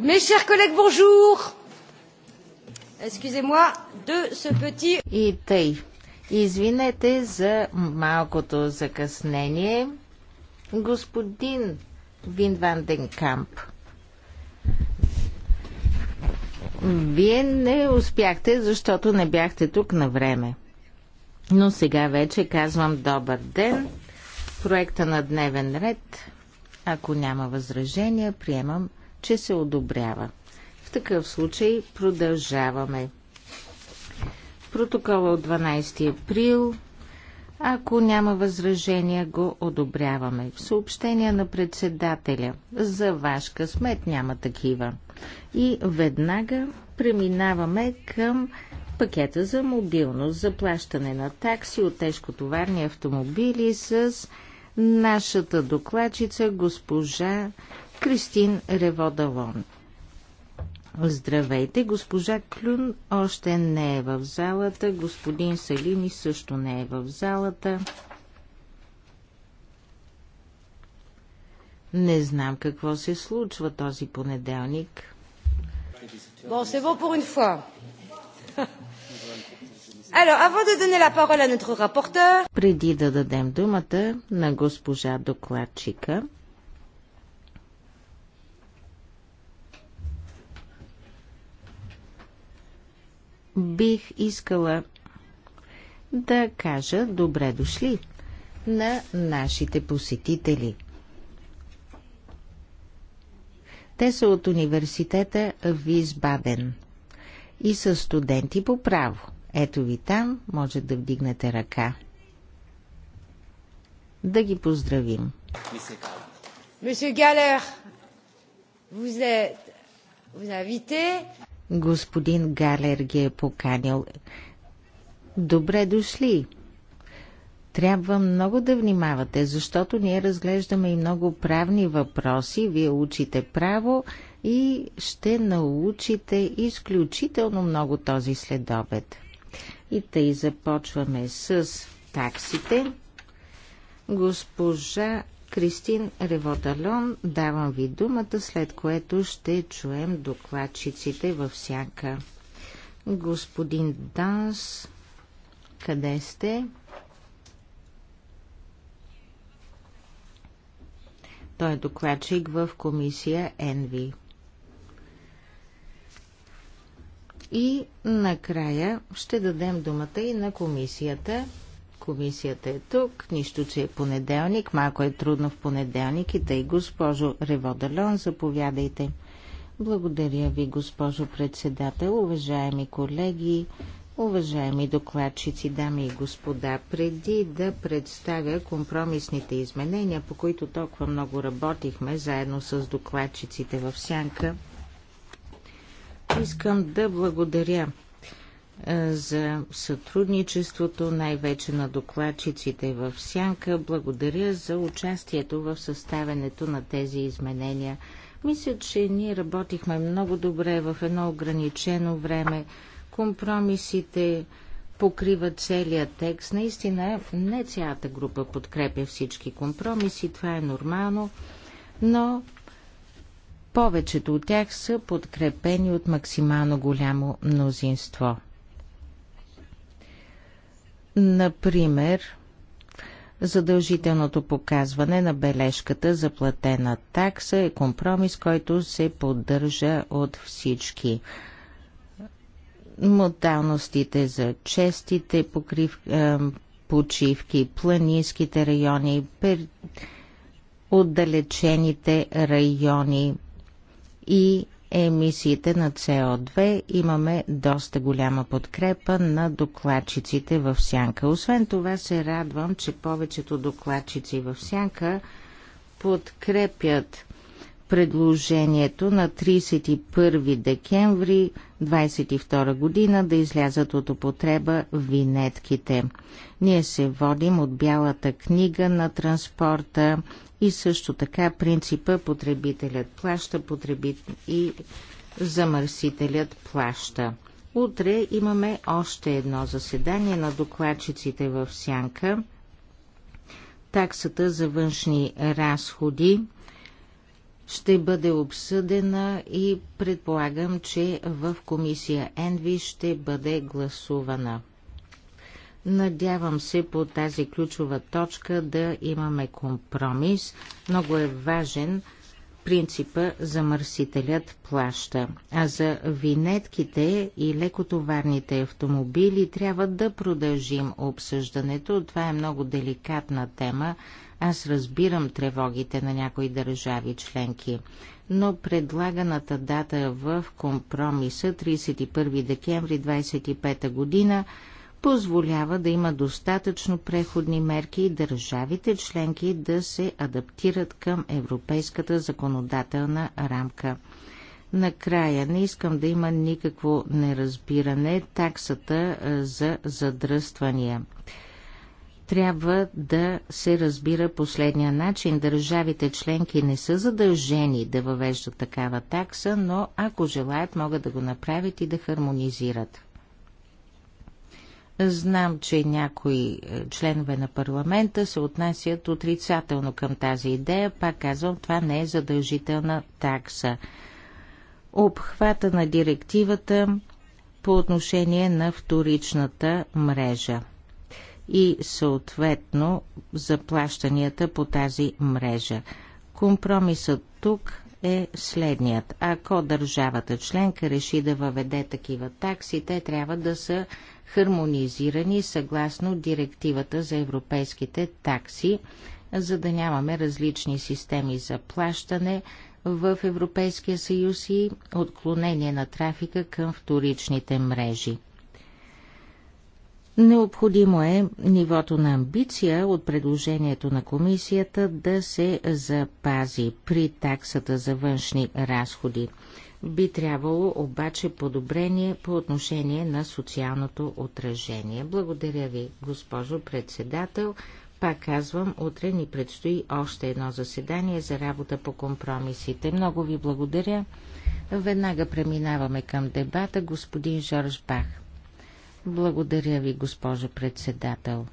Mes chers collègues, bonjour. Excusez-moi de ce petit. И тъй. Извинете за малкото закъснение. Господин Вин Ван Камп. Вие не успяхте, защото не бяхте тук на време. Но сега вече казвам добър ден. Проекта на дневен ред, ако няма възражения, приемам, че се одобрява. В такъв случай продължаваме. Протокола от 12 април ако няма възражения, го одобряваме. Съобщения на председателя. За ваш късмет няма такива. И веднага преминаваме към пакета за мобилност, за плащане на такси от тежкотоварни автомобили с нашата докладчица госпожа Кристин Реводалон. Здравейте, госпожа Клюн още не е в залата, господин Салини също не е в залата. Не знам какво се случва този понеделник. Преди да дадем думата на госпожа докладчика, бих искала да кажа добре дошли на нашите посетители. Те са от университета Висбаден и са студенти по право. Ето ви там, може да вдигнете ръка. Да ги поздравим. Monsieur Галер, вие êtes vous господин Галер ги е поканил. Добре дошли! Трябва много да внимавате, защото ние разглеждаме и много правни въпроси. Вие учите право и ще научите изключително много този следобед. И тъй започваме с таксите. Госпожа Кристин Реводалон, давам ви думата, след което ще чуем докладчиците във всяка. Господин Данс, къде сте? Той е докладчик в комисия ЕНВИ. И накрая ще дадем думата и на комисията. Комисията е тук, нищо, че е понеделник, малко е трудно в понеделник и тъй госпожо Реводалон, заповядайте. Благодаря ви, госпожо председател, уважаеми колеги, уважаеми докладчици, дами и господа. Преди да представя компромисните изменения, по които толкова много работихме, заедно с докладчиците в Сянка, искам да благодаря е, за сътрудничеството, най-вече на докладчиците в Сянка. Благодаря за участието в съставянето на тези изменения. Мисля, че ние работихме много добре в едно ограничено време. Компромисите покрива целият текст. Наистина не цялата група подкрепя всички компромиси, това е нормално, но повечето от тях са подкрепени от максимално голямо мнозинство. Например, задължителното показване на бележката за платена такса е компромис, който се поддържа от всички. моталностите за честите покрив, е, почивки, планинските райони, пер, отдалечените райони и емисиите на CO2. Имаме доста голяма подкрепа на докладчиците в Сянка. Освен това се радвам, че повечето докладчици в Сянка подкрепят предложението на 31 декември 22 година да излязат от употреба винетките. Ние се водим от бялата книга на транспорта и също така принципа потребителят плаща потребит... и замърсителят плаща. Утре имаме още едно заседание на докладчиците в Сянка. Таксата за външни разходи ще бъде обсъдена и предполагам, че в комисия Енви ще бъде гласувана. Надявам се по тази ключова точка да имаме компромис. Много е важен принципа замърсителят плаща. А за винетките и лекотоварните автомобили трябва да продължим обсъждането. Това е много деликатна тема аз разбирам тревогите на някои държави членки, но предлаганата дата в компромиса 31 декември 25 година позволява да има достатъчно преходни мерки и държавите членки да се адаптират към европейската законодателна рамка. Накрая не искам да има никакво неразбиране таксата за задръствания трябва да се разбира последния начин. Държавите членки не са задължени да въвеждат такава такса, но ако желаят, могат да го направят и да хармонизират. Знам, че някои е, членове на парламента се отнасят отрицателно към тази идея. Пак казвам, това не е задължителна такса. Обхвата на директивата по отношение на вторичната мрежа – и съответно заплащанията по тази мрежа. Компромисът тук е следният. Ако държавата членка реши да въведе такива такси, те трябва да са хармонизирани съгласно директивата за европейските такси, за да нямаме различни системи за плащане в Европейския съюз и отклонение на трафика към вторичните мрежи. Необходимо е нивото на амбиция от предложението на комисията да се запази при таксата за външни разходи. Би трябвало обаче подобрение по отношение на социалното отражение. Благодаря ви, госпожо председател. Пак казвам, утре ни предстои още едно заседание за работа по компромисите. Много ви благодаря. Веднага преминаваме към дебата. Господин Жорж Бах. Благодаря ви, госпожо председател.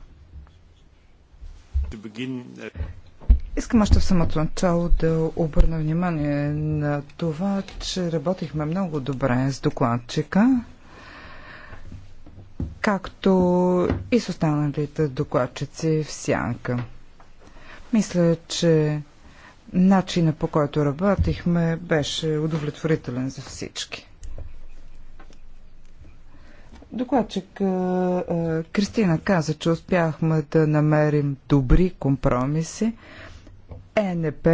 Искам още в самото начало да обърна внимание на това, че работихме много добре с докладчика, както и с останалите докладчици в сянка. Мисля, че начина по който работихме беше удовлетворителен за всички. Докладчик Кристина каза, че успяхме да намерим добри компромиси. ЕНП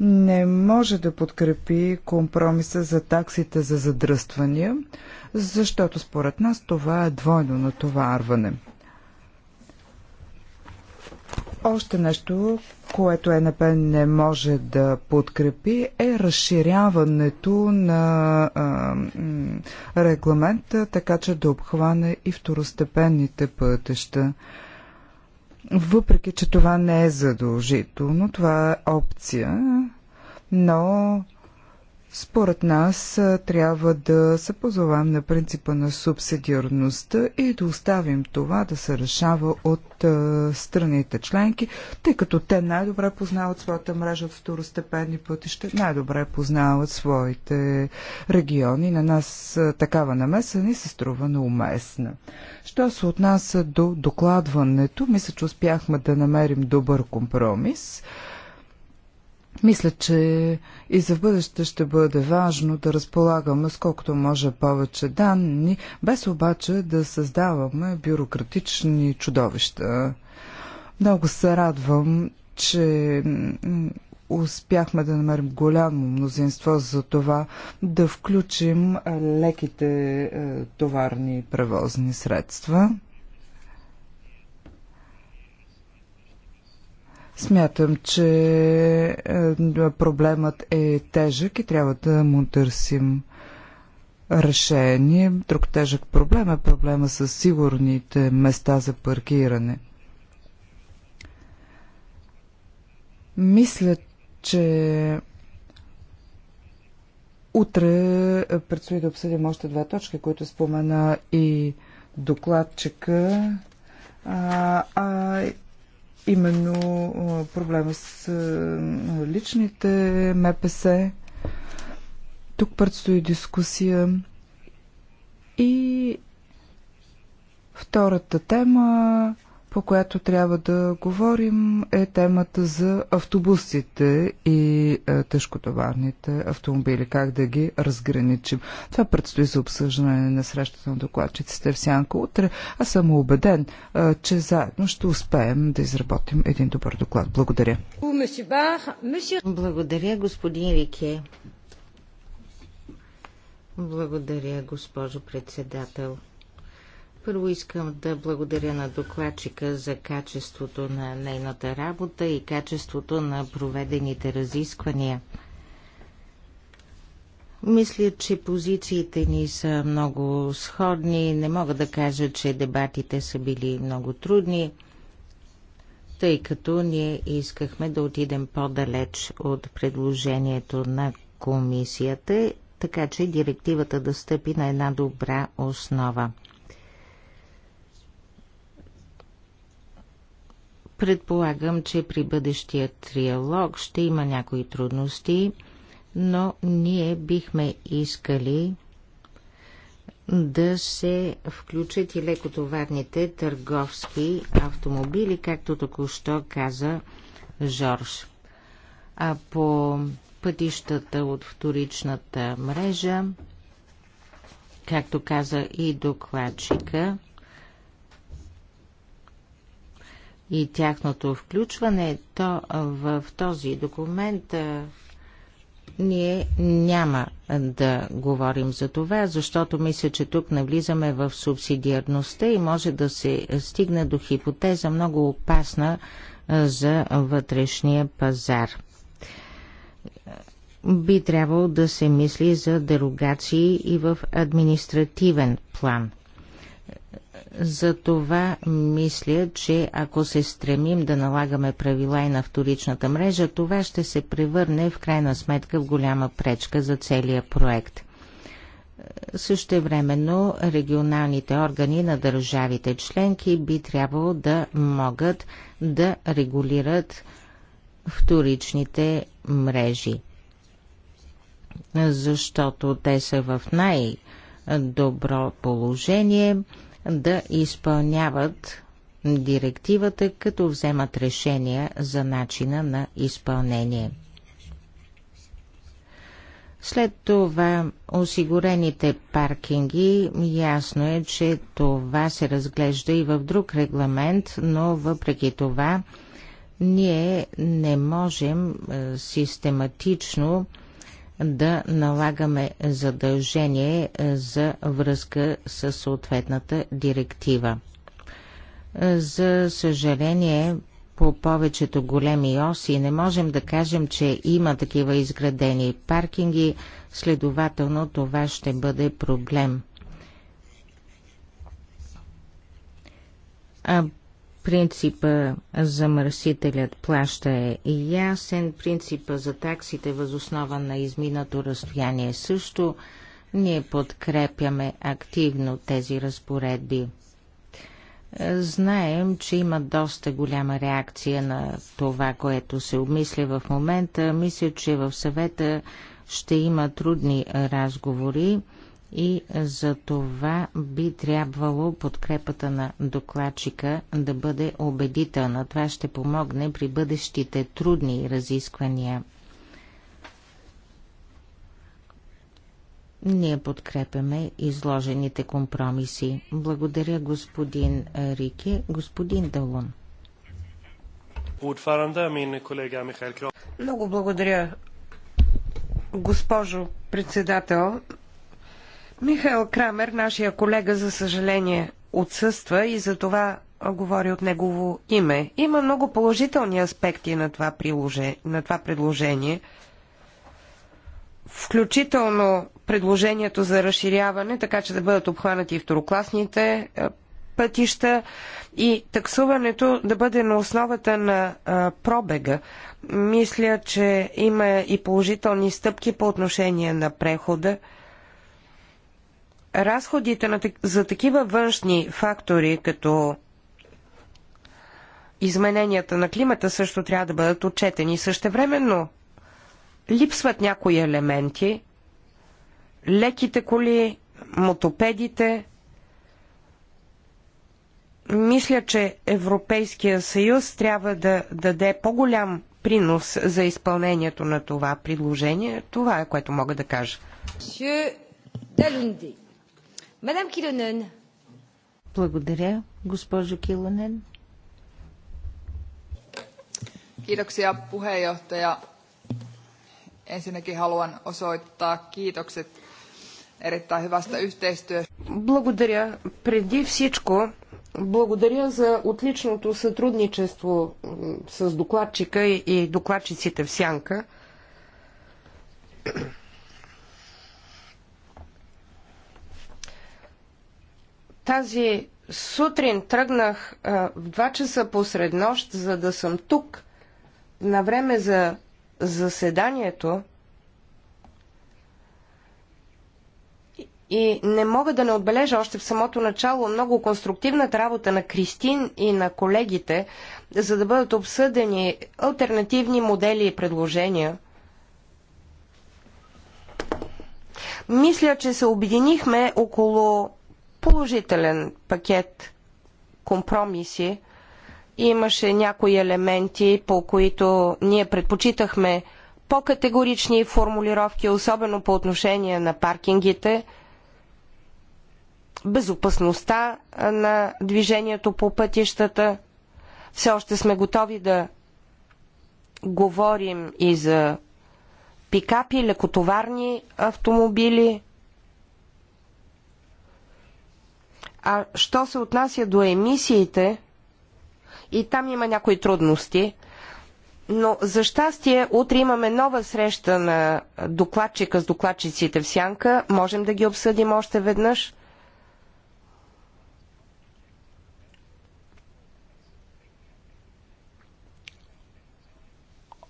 не може да подкрепи компромиса за таксите за задръствания, защото според нас това е двойно натоварване. Още нещо, което ЕНП не може да подкрепи, е разширяването на а, регламента, така че да обхване и второстепенните пътища. Въпреки, че това не е задължително, това е опция, но според нас трябва да се позовам на принципа на субсидиарността и да оставим това да се решава от страните членки, тъй като те най-добре познават своята мрежа от второстепенни пътища, най-добре познават своите региони. На нас такава намеса ни се струва неуместна. Що се отнася до докладването, мисля, че успяхме да намерим добър компромис. Мисля, че и за бъдеще ще бъде важно да разполагаме с колкото може повече данни, без обаче да създаваме бюрократични чудовища. Много се радвам, че успяхме да намерим голямо мнозинство за това да включим леките е, товарни превозни средства. Смятам, че е, проблемът е тежък и трябва да му търсим решение. Друг тежък проблем е проблема с сигурните места за паркиране. Мисля, че утре предстои да обсъдим още две точки, които спомена и докладчика. А, а именно проблема с личните МПС. Тук предстои дискусия. И втората тема по която трябва да говорим, е темата за автобусите и е, тежкотоварните автомобили, как да ги разграничим. Това предстои за обсъждане на срещата на докладчиците в Сянка утре. Аз съм убеден, е, че заедно ще успеем да изработим един добър доклад. Благодаря. Благодаря, господин Рике. Благодаря, госпожо председател. Първо искам да благодаря на докладчика за качеството на нейната работа и качеството на проведените разисквания. Мисля, че позициите ни са много сходни. Не мога да кажа, че дебатите са били много трудни, тъй като ние искахме да отидем по-далеч от предложението на комисията, така че директивата да стъпи на една добра основа. Предполагам, че при бъдещия триалог ще има някои трудности, но ние бихме искали да се включат и лекотоварните търговски автомобили, както току-що каза Жорж. А по пътищата от вторичната мрежа, както каза и докладчика, и тяхното включване, то в този документ ние няма да говорим за това, защото мисля, че тук навлизаме в субсидиарността и може да се стигне до хипотеза много опасна за вътрешния пазар. Би трябвало да се мисли за дерогации и в административен план. За това мисля, че ако се стремим да налагаме правила и на вторичната мрежа, това ще се превърне в крайна сметка в голяма пречка за целия проект. Същевременно регионалните органи на държавите членки би трябвало да могат да регулират вторичните мрежи, защото те са в най-добро положение – да изпълняват директивата, като вземат решения за начина на изпълнение. След това осигурените паркинги, ясно е, че това се разглежда и в друг регламент, но въпреки това ние не можем е, систематично да налагаме задължение е, за връзка с съответната директива. Е, за съжаление, по повечето големи оси не можем да кажем, че има такива изградени паркинги, следователно това ще бъде проблем. Принципа мърсителят плаща е ясен, принципа за таксите възоснова на изминато разстояние също. Ние подкрепяме активно тези разпоредби. Знаем, че има доста голяма реакция на това, което се обмисля в момента. Мисля, че в съвета ще има трудни разговори и за това би трябвало подкрепата на докладчика да бъде убедителна. Това ще помогне при бъдещите трудни разисквания. Ние подкрепяме изложените компромиси. Благодаря господин Рике, господин Далун. Много благодаря, госпожо председател. Михаил Крамер, нашия колега, за съжаление отсъства и за това говори от негово име. Има много положителни аспекти на това, приложе, на това предложение, включително предложението за разширяване, така че да бъдат обхванати и второкласните е, пътища и таксуването да бъде на основата на а, е, пробега. Мисля, че има и положителни стъпки по отношение на прехода разходите на, за такива външни фактори, като измененията на климата, също трябва да бъдат отчетени. Същевременно липсват някои елементи, леките коли, мотопедите. Мисля, че Европейския съюз трябва да даде по-голям принос за изпълнението на това предложение. Това е което мога да кажа. Далунди. Мадам Килонен. Благодаря, госпожо Килонен. Kiitoksia puheenjohtaja. Ensinnäkin haluan osoittaa kiitokset erittäin hyvästä yhteistyöstä. Благодаря. Преди всичко, благодаря за отличното сътрудничество с докладчика и докладчиците в Сянка. Тази сутрин тръгнах в 2 часа посред нощ, за да съм тук на време за заседанието и не мога да не отбележа още в самото начало много конструктивната работа на Кристин и на колегите, за да бъдат обсъдени альтернативни модели и предложения. Мисля, че се обединихме около положителен пакет компромиси. Имаше някои елементи, по които ние предпочитахме по-категорични формулировки, особено по отношение на паркингите, безопасността на движението по пътищата. Все още сме готови да говорим и за пикапи, лекотоварни автомобили, А що се отнася до емисиите, и там има някои трудности, но за щастие утре имаме нова среща на докладчика с докладчиците в Сянка. Можем да ги обсъдим още веднъж.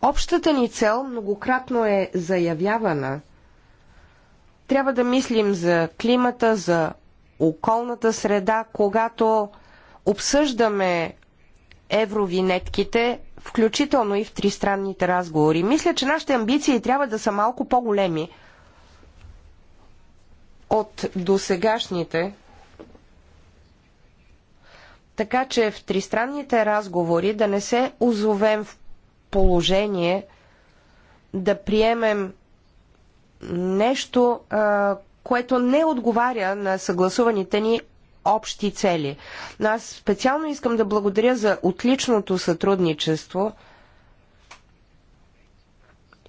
Общата ни цел многократно е заявявана. Трябва да мислим за климата, за околната среда, когато обсъждаме евровинетките, включително и в тристранните разговори. Мисля, че нашите амбиции трябва да са малко по-големи от досегашните. Така че в тристранните разговори да не се озовем в положение да приемем нещо, което не отговаря на съгласуваните ни общи цели. Но аз специално искам да благодаря за отличното сътрудничество.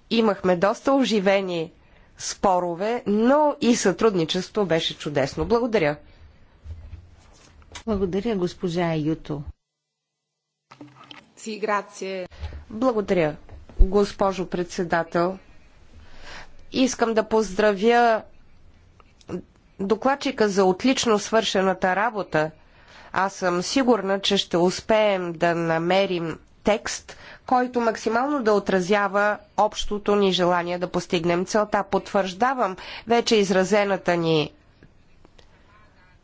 Имахме доста оживени спорове, но и сътрудничество беше чудесно. Благодаря. Благодаря, госпожа Юто. Си, Благодаря, госпожо председател. Искам да поздравя докладчика за отлично свършената работа. Аз съм сигурна, че ще успеем да намерим текст, който максимално да отразява общото ни желание да постигнем целта. Потвърждавам вече изразената ни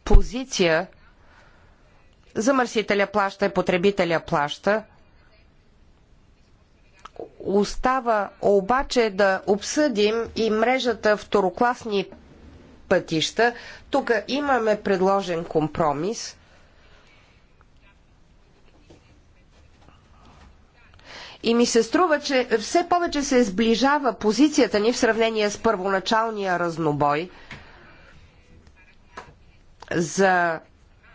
позиция замърсителя плаща и потребителя плаща. Остава обаче да обсъдим и мрежата второкласни пътища. Тук имаме предложен компромис. И ми се струва, че все повече се сближава позицията ни в сравнение с първоначалния разнобой за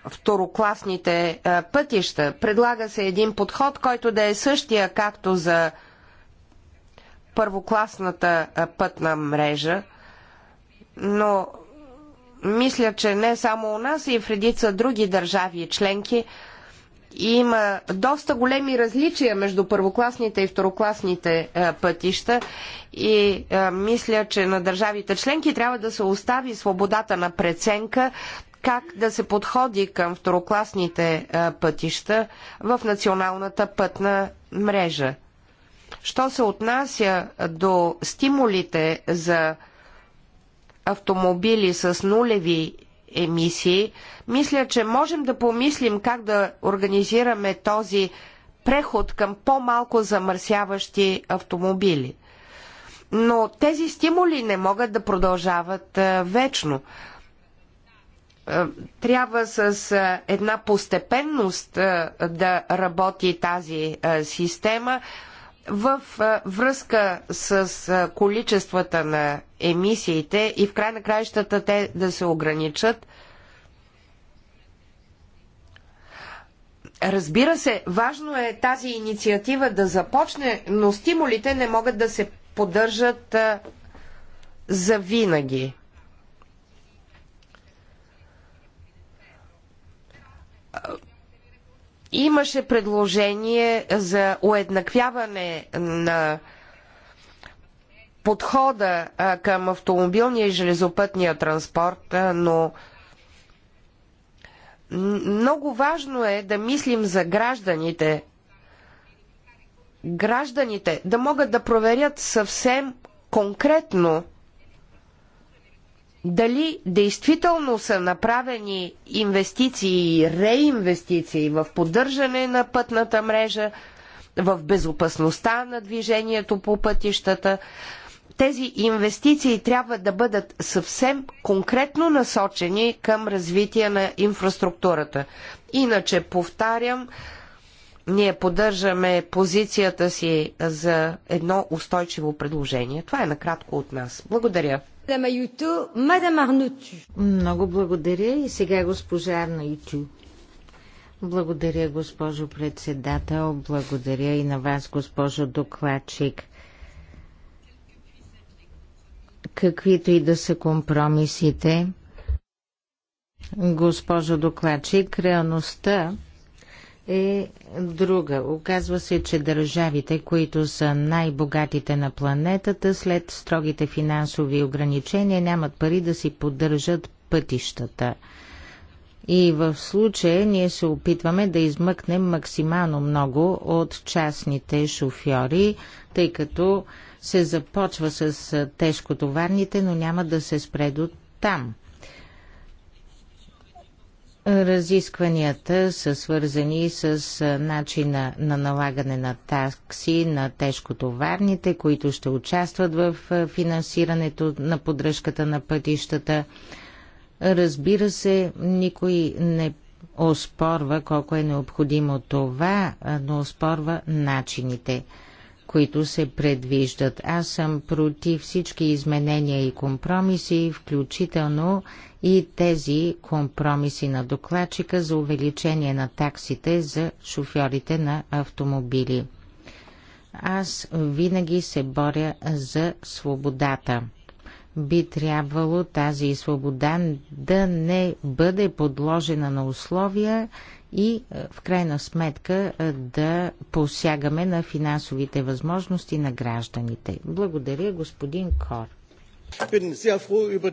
второкласните е, пътища. Предлага се един подход, който да е същия както за първокласната е, пътна мрежа, но мисля, че не само у нас, и в редица други държави и членки има доста големи различия между първокласните и второкласните е, пътища и е, мисля, че на държавите членки трябва да се остави свободата на преценка как да се подходи към второкласните е, пътища в националната пътна мрежа. Що се отнася до стимулите за автомобили с нулеви емисии, мисля, че можем да помислим как да организираме този преход към по-малко замърсяващи автомобили. Но тези стимули не могат да продължават вечно. Трябва с една постепенност да работи тази система, в връзка с количествата на емисиите и в край на краищата те да се ограничат. Разбира се, важно е тази инициатива да започне, но стимулите не могат да се поддържат за винаги. Имаше предложение за уеднаквяване на подхода към автомобилния и железопътния транспорт, но много важно е да мислим за гражданите. Гражданите да могат да проверят съвсем конкретно дали действително са направени инвестиции и реинвестиции в поддържане на пътната мрежа, в безопасността на движението по пътищата. Тези инвестиции трябва да бъдат съвсем конкретно насочени към развитие на инфраструктурата. Иначе, повтарям, ние поддържаме позицията си за едно устойчиво предложение. Това е накратко от нас. Благодаря. Много благодаря и сега госпожа Арна Ютю. Благодаря, госпожо председател. Благодаря и на вас, госпожо докладчик. Каквито и да са компромисите, госпожо докладчик, реалността е друга. Оказва се, че държавите, които са най-богатите на планетата, след строгите финансови ограничения нямат пари да си поддържат пътищата. И в случая ние се опитваме да измъкнем максимално много от частните шофьори, тъй като се започва с тежкотоварните, но няма да се спре до там. Разискванията са свързани с начина на налагане на такси на тежкотоварните, които ще участват в финансирането на поддръжката на пътищата. Разбира се, никой не оспорва колко е необходимо това, но оспорва начините – които се предвиждат. Аз съм против всички изменения и компромиси, включително и тези компромиси на докладчика за увеличение на таксите за шофьорите на автомобили. Аз винаги се боря за свободата. Би трябвало тази свобода да не бъде подложена на условия, и е, в крайна сметка е, да посягаме на финансовите възможности на гражданите. Благодаря, господин Кор.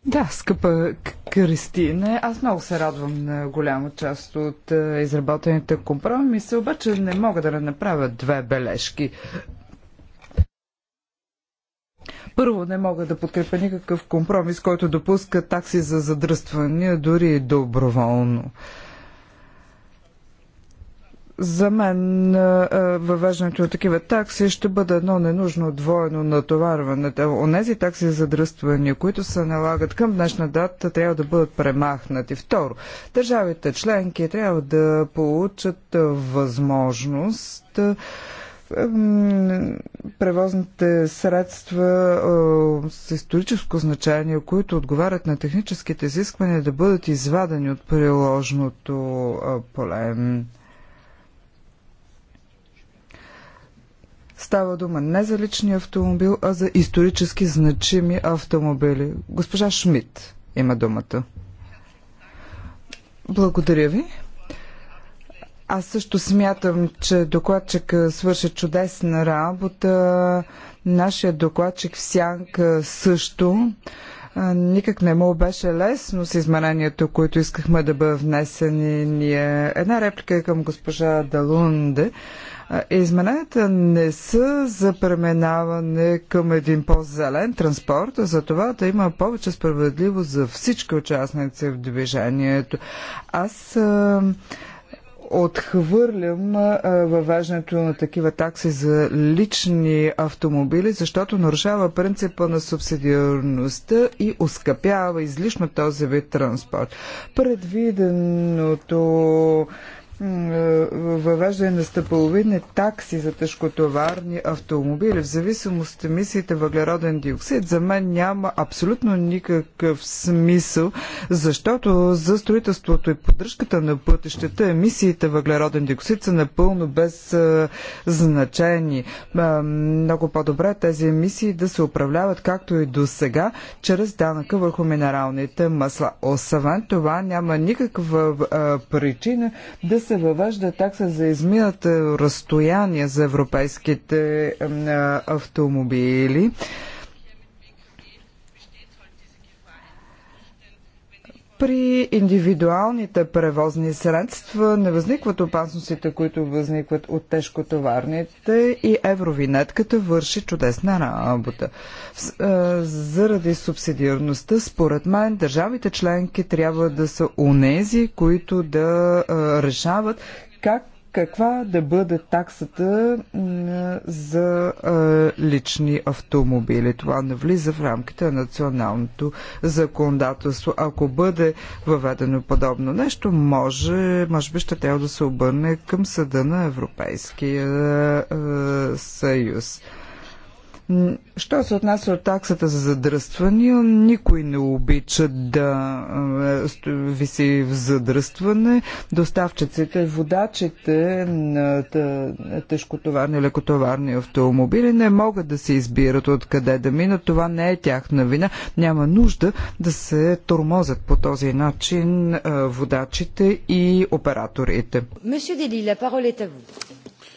Да, скъпа Кристина, аз много се радвам на голяма част от е, изработените компромиси, обаче не мога да не направя две бележки. Първо, не мога да подкрепя никакъв компромис, който допуска такси за задръствания, дори доброволно. За мен въвеждането на такива такси ще бъде едно ненужно двойно натоварване. Онези такси за дръствания, които се налагат към днешна дата, трябва да бъдат премахнати. Второ, държавите членки трябва да получат възможност превозните средства с историческо значение, които отговарят на техническите изисквания да бъдат извадени от приложното поле. Става дума не за личния автомобил, а за исторически значими автомобили. Госпожа Шмидт има думата. Благодаря ви. Аз също смятам, че докладчик свърши чудесна работа. Нашия докладчик в Сянка също. Никак не му беше лесно с изменението, което искахме да бъде внесени ние. Една реплика е към госпожа Далунде. Измененията не са за преминаване към един по-зелен транспорт, а за това да има повече справедливост за всички участници в движението. Аз отхвърлям въвеждането на такива такси за лични автомобили, защото нарушава принципа на субсидиарността и оскъпява излишно този вид транспорт. Предвиденото въвеждане на стъпаловидни такси за тежкотоварни автомобили, в зависимост от емисиите въглероден диоксид, за мен няма абсолютно никакъв смисъл, защото за строителството и поддръжката на пътищата емисиите въглероден диоксид са напълно без значение. Много по-добре е тези емисии да се управляват както и до сега, чрез данъка върху минералните масла. Освен това няма никаква причина да се въвежда такса за измината е, разстояние за европейските автомобили. При индивидуалните превозни средства не възникват опасностите, които възникват от тежкотоварните и евровинетката върши чудесна работа. Заради субсидиарността, според мен, държавите членки трябва да са унези, които да решават как каква да бъде таксата за лични автомобили. Това навлиза в рамките на националното законодателство. Ако бъде въведено подобно нещо, може, може би ще трябва да се обърне към съда на Европейския съюз. Що се отнася от таксата за задръстване, никой не обича да виси в задръстване. Доставчиците, водачите на тежкотоварни, лекотоварни автомобили не могат да се избират откъде да минат. Това не е тяхна вина. Няма нужда да се тормозят по този начин водачите и операторите.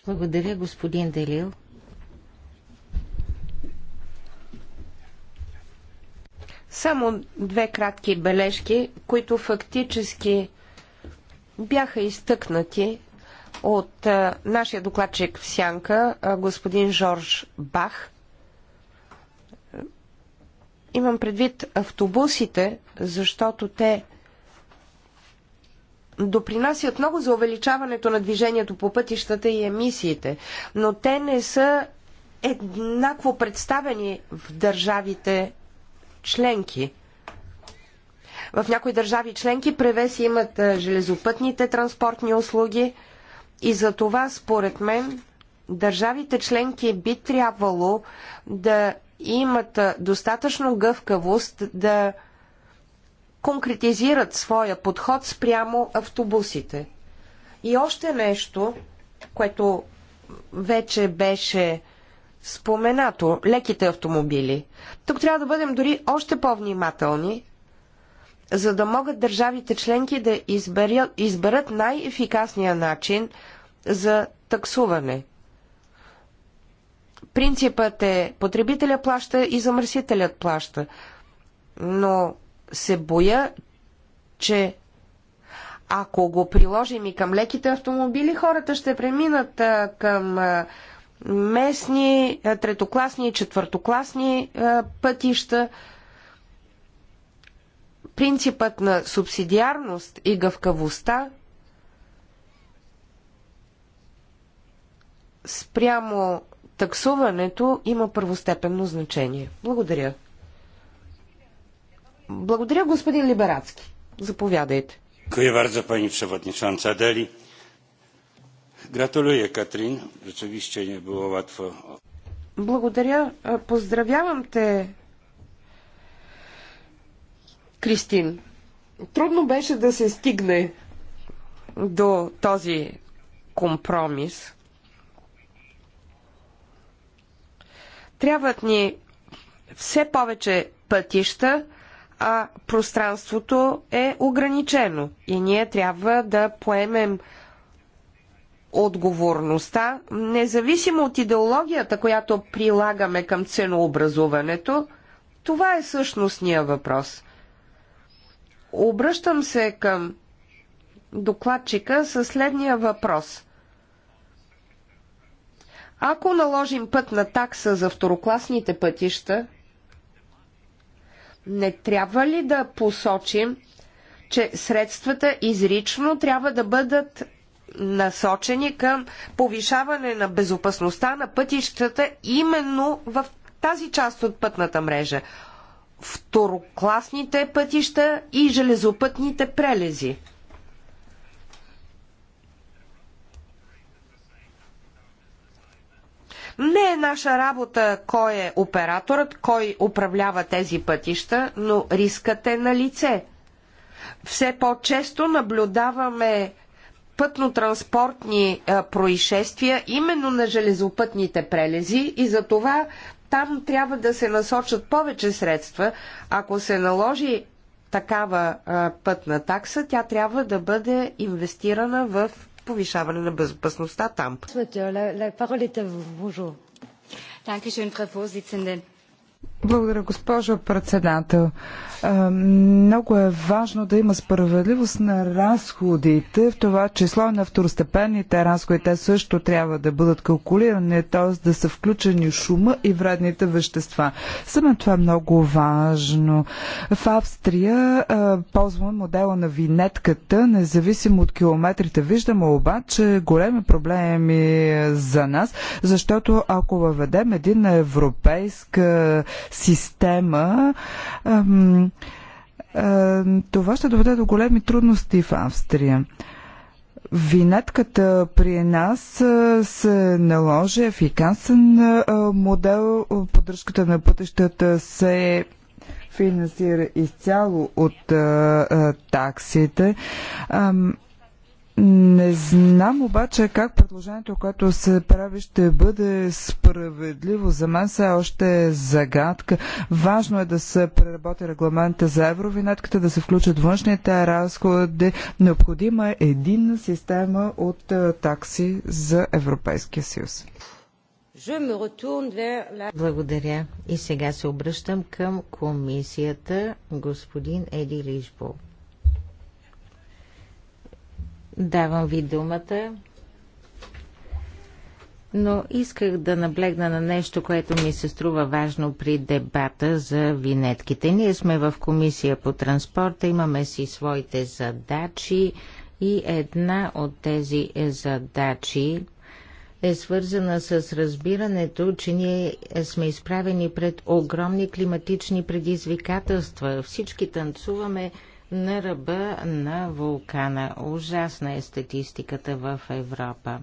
Благодаря, господин Делил. Само две кратки бележки, които фактически бяха изтъкнати от а, нашия докладчик в Сянка, а, господин Жорж Бах. Имам предвид автобусите, защото те допринасят много за увеличаването на движението по пътищата и емисиите, но те не са еднакво представени в държавите членки. В някои държави членки превес имат е, железопътните транспортни услуги и за това, според мен, държавите членки би трябвало да имат е, достатъчно гъвкавост да конкретизират своя подход спрямо автобусите. И още нещо, което вече беше споменато леките автомобили. Тук трябва да бъдем дори още по-внимателни, за да могат държавите членки да изберят, изберат най-ефикасния начин за таксуване. Принципът е потребителя плаща и замърсителят плаща. Но се боя, че ако го приложим и към леките автомобили, хората ще преминат към а, местни, третокласни и четвъртокласни пътища. Принципът на субсидиарност и гъвкавостта спрямо таксуването има първостепенно значение. Благодаря. Благодаря, господин Либерацки. Заповядайте. Dziękuję bardzo pani przewodnicząca Deli. Gratuluję Katrin. Rzeczywiście nie było łatwo. Благодаря. Поздравявам те, Кристин. Трудно беше да се стигне до този компромис. Трябват ни все повече пътища, а пространството е ограничено. И ние трябва да поемем отговорността, независимо от идеологията, която прилагаме към ценообразуването, това е същностния въпрос. Обръщам се към докладчика със следния въпрос. Ако наложим път на такса за второкласните пътища, не трябва ли да посочим, че средствата изрично трябва да бъдат насочени към повишаване на безопасността на пътищата именно в тази част от пътната мрежа. Второкласните пътища и железопътните прелези. Не е наша работа кой е операторът, кой управлява тези пътища, но рискът е на лице. Все по-често наблюдаваме пътно-транспортни происшествия именно на железопътните прелези и за това там трябва да се насочат повече средства. Ако се наложи такава пътна такса, тя трябва да бъде инвестирана в повишаване на безопасността там. Благодаря, госпожо председател. Много е важно да има справедливост на разходите, в това число на второстепенните разходи. Те също трябва да бъдат калкулирани, т.е. да са включени шума и вредните вещества. Само това е много важно. В Австрия ползваме модела на винетката, независимо от километрите. Виждаме обаче големи проблеми за нас, защото ако въведем един европейска система. Това ще доведе до големи трудности в Австрия. Винетката при нас се наложи ефикасен модел. Поддръжката на пътищата се финансира изцяло от таксите. Не знам обаче как предложението, което се прави, ще бъде справедливо. За мен все още е загадка. Важно е да се преработи регламента за евровинетката, да се включат външните разходи. Необходима е единна система от е, такси за Европейския съюз. Благодаря. И сега се обръщам към комисията господин Еди Лишбол. Давам ви думата. Но исках да наблегна на нещо, което ми се струва важно при дебата за винетките. Ние сме в комисия по транспорта, имаме си своите задачи и една от тези задачи е свързана с разбирането, че ние сме изправени пред огромни климатични предизвикателства. Всички танцуваме на ръба на вулкана. Ужасна е статистиката в Европа.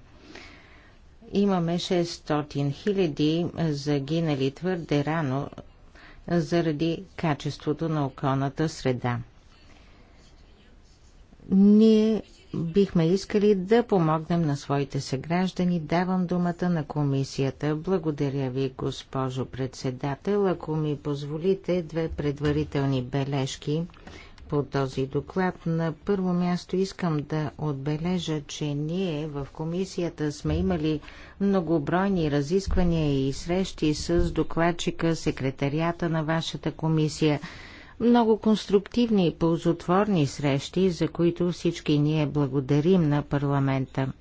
Имаме 600 хиляди загинали твърде рано заради качеството на околната среда. Ние бихме искали да помогнем на своите съграждани. Давам думата на комисията. Благодаря ви, госпожо председател. Ако ми позволите, две предварителни бележки по този доклад. На първо място искам да отбележа, че ние в комисията сме имали многобройни разисквания и срещи с докладчика, секретарията на вашата комисия. Много конструктивни и ползотворни срещи, за които всички ние благодарим на парламента.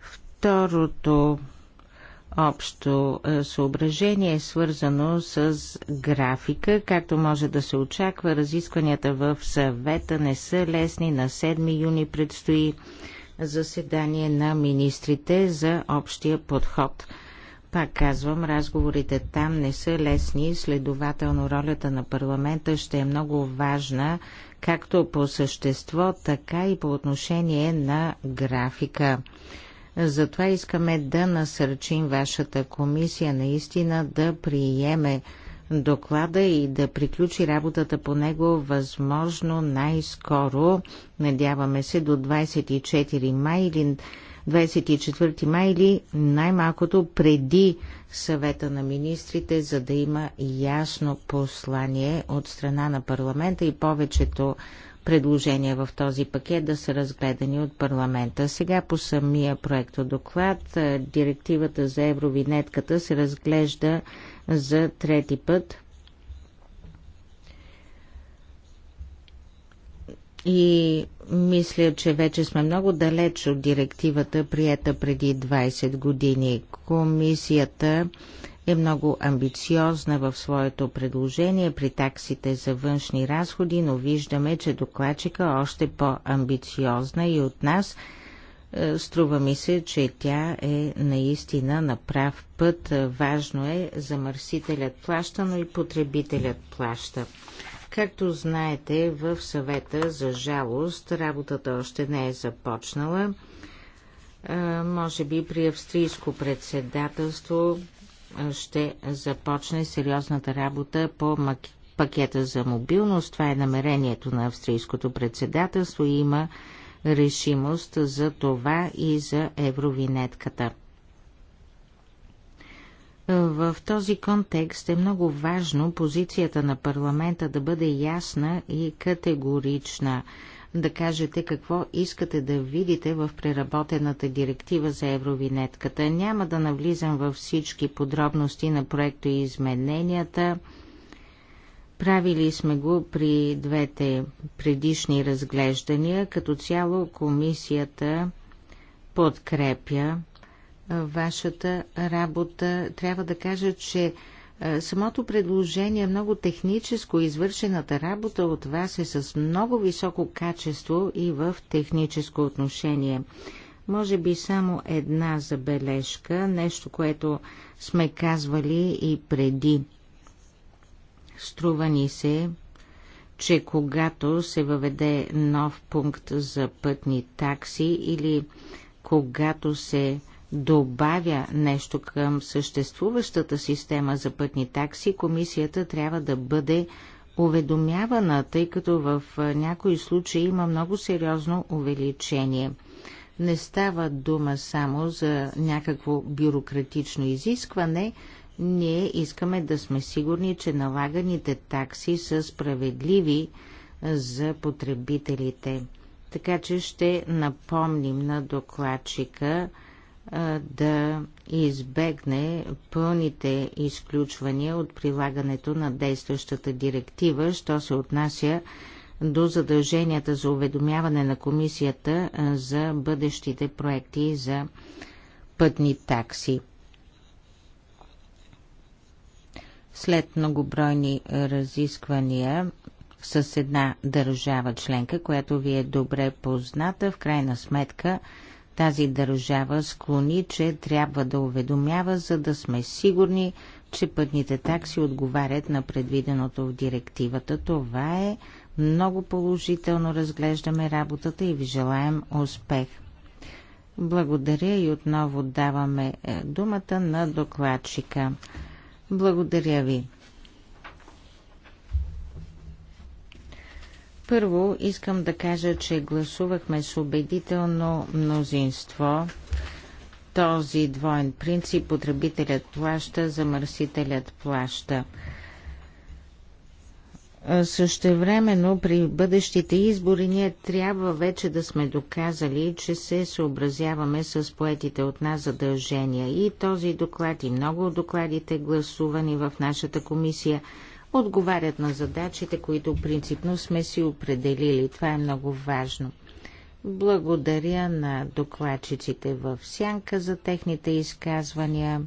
Второто Общо е, съображение е свързано с графика. Както може да се очаква, разискванията в съвета не са лесни. На 7 юни предстои заседание на министрите за общия подход. Пак казвам, разговорите там не са лесни, следователно ролята на парламента ще е много важна, както по същество, така и по отношение на графика. Затова искаме да насърчим вашата комисия наистина да приеме доклада и да приключи работата по него възможно най-скоро. Надяваме се до 24 май или 24 май или най-малкото преди съвета на министрите, за да има ясно послание от страна на парламента и повечето предложения в този пакет да са разгледани от парламента. Сега по самия проекто доклад е, директивата за евровинетката се разглежда за трети път и мисля, че вече сме много далеч от директивата, приета преди 20 години. Комисията е много амбициозна в своето предложение при таксите за външни разходи, но виждаме, че докладчика е още по-амбициозна и от нас е, струва ми се, че тя е наистина на прав път. Е, важно е замърсителят плаща, но и потребителят плаща. Както знаете, в съвета за жалост работата още не е започнала. Е, може би при австрийско председателство ще започне сериозната работа по пакета за мобилност. Това е намерението на австрийското председателство и има решимост за това и за евровинетката. В този контекст е много важно позицията на парламента да бъде ясна и категорична да кажете какво искате да видите в преработената директива за евровинетката. Няма да навлизам във всички подробности на проекта и измененията. Правили сме го при двете предишни разглеждания. Като цяло комисията подкрепя вашата работа. Трябва да кажа, че е, самото предложение е много техническо. Извършената работа от вас е с много високо качество и в техническо отношение. Може би само една забележка, нещо, което сме казвали и преди. Струва ни се, че когато се въведе нов пункт за пътни такси или когато се добавя нещо към съществуващата система за пътни такси, комисията трябва да бъде уведомявана, тъй като в някои случаи има много сериозно увеличение. Не става дума само за някакво бюрократично изискване, ние искаме да сме сигурни, че налаганите такси са справедливи за потребителите. Така че ще напомним на докладчика, да избегне пълните изключвания от прилагането на действащата директива, що се отнася до задълженията за уведомяване на комисията за бъдещите проекти за пътни такси. След многобройни разисквания с една държава членка, която ви е добре позната, в крайна сметка – тази държава склони, че трябва да уведомява, за да сме сигурни, че пътните такси отговарят на предвиденото в директивата. Това е много положително разглеждаме работата и ви желаем успех. Благодаря и отново даваме е, думата на докладчика. Благодаря ви. Първо искам да кажа, че гласувахме с убедително мнозинство този двоен принцип потребителят плаща, замърсителят плаща. Същевременно при бъдещите избори ние трябва вече да сме доказали, че се съобразяваме с поетите от нас задължения. И този доклад и много от докладите гласувани в нашата комисия – отговарят на задачите, които принципно сме си определили. Това е много важно. Благодаря на докладчиците в Сянка за техните изказвания.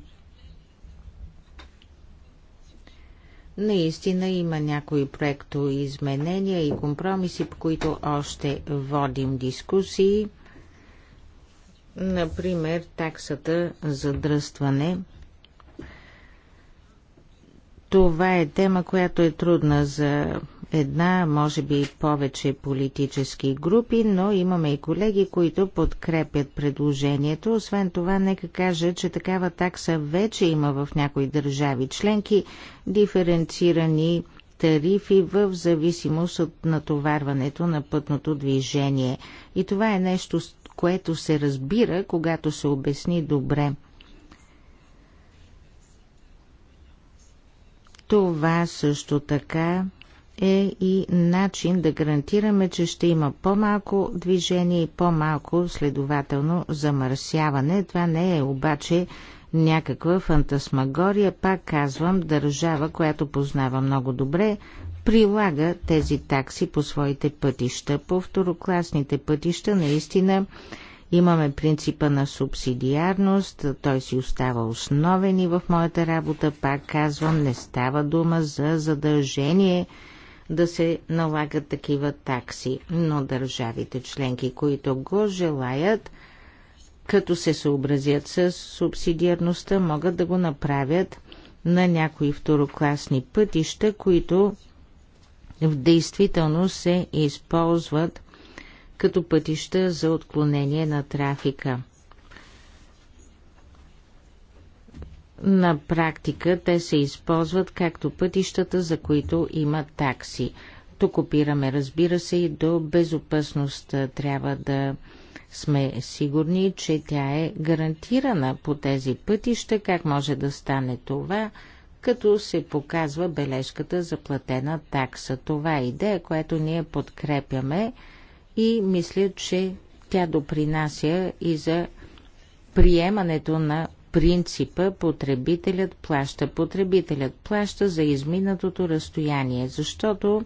Наистина има някои проекто изменения и компромиси, по които още водим дискусии. Например, таксата за дръстване – това е тема, която е трудна за една, може би повече политически групи, но имаме и колеги, които подкрепят предложението. Освен това, нека кажа, че такава такса вече има в някои държави членки, диференцирани тарифи в зависимост от натоварването на пътното движение. И това е нещо, което се разбира, когато се обясни добре – Това също така е и начин да гарантираме, че ще има по-малко движение и по-малко следователно замърсяване. Това не е обаче някаква фантасмагория. Пак казвам, държава, която познава много добре, прилага тези такси по своите пътища. По второкласните пътища наистина Имаме принципа на субсидиарност, той си остава основен и в моята работа, пак казвам, не става дума за задължение да се налагат такива такси, но държавите членки, които го желаят, като се съобразят с субсидиарността, могат да го направят на някои второкласни пътища, които в действителност се използват като пътища за отклонение на трафика. На практика те се използват както пътищата, за които има такси. Тук опираме, разбира се, и до безопасността. Трябва да сме сигурни, че тя е гарантирана по тези пътища. Как може да стане това, като се показва бележката за платена такса? Това е идея, която ние подкрепяме и мисля, че тя допринася и за приемането на принципа потребителят плаща. Потребителят плаща за изминатото разстояние, защото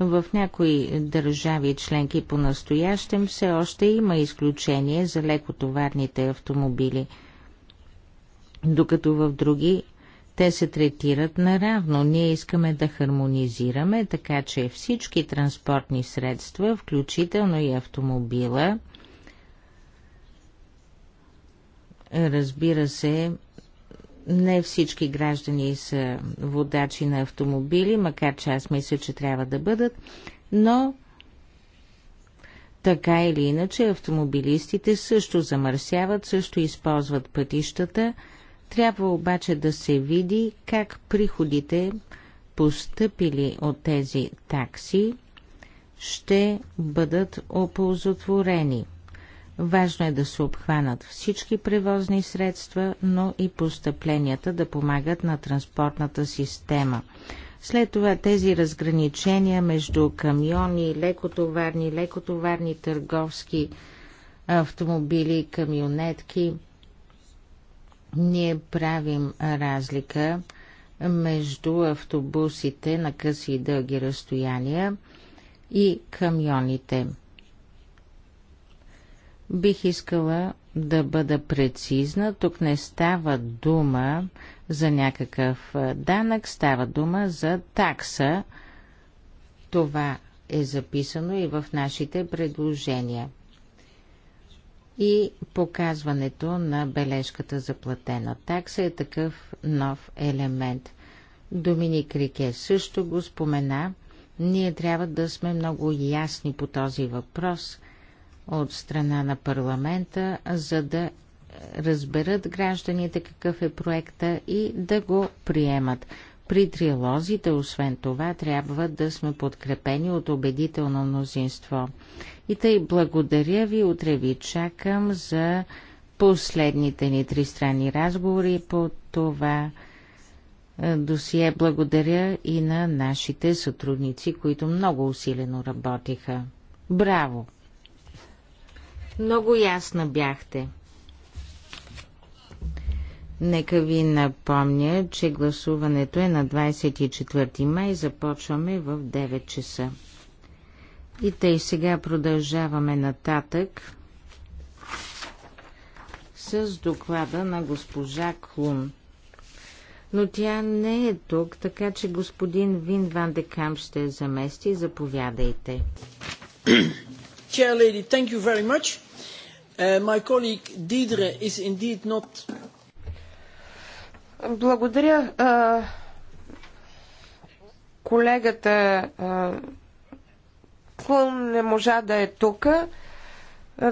в някои държави членки по настоящем все още има изключение за лекотоварните автомобили, докато в други те се третират наравно. Ние искаме да хармонизираме, така че всички транспортни средства, включително и автомобила, разбира се, не всички граждани са водачи на автомобили, макар че аз мисля, че трябва да бъдат, но така или иначе автомобилистите също замърсяват, също използват пътищата – трябва обаче да се види как приходите, постъпили от тези такси, ще бъдат оползотворени. Важно е да се обхванат всички превозни средства, но и постъпленията да помагат на транспортната система. След това тези разграничения между камиони, лекотоварни, лекотоварни търговски автомобили, камионетки – ние правим разлика между автобусите на къси и дълги разстояния и камионите. Бих искала да бъда прецизна. Тук не става дума за някакъв данък, става дума за такса. Това е записано и в нашите предложения и показването на бележката за платена такса е такъв нов елемент. Доминик Рике също го спомена. Ние трябва да сме много ясни по този въпрос от страна на парламента, за да разберат гражданите какъв е проекта и да го приемат. При триалозите, освен това, трябва да сме подкрепени от убедително мнозинство. И тъй благодаря ви, утре ви чакам за последните ни тристранни разговори по това е, досие. Благодаря и на нашите сътрудници, които много усилено работиха. Браво! Много ясна бяхте. Нека ви напомня, че гласуването е на 24 май. Започваме в 9 часа. И тъй сега продължаваме нататък с доклада на госпожа Клун. Но тя не е тук, така че господин Вин Ван Декам ще я замести. Заповядайте. Chair lady, thank you very much. Uh, my colleague Didre is indeed not благодаря колегата Клън не можа да е тук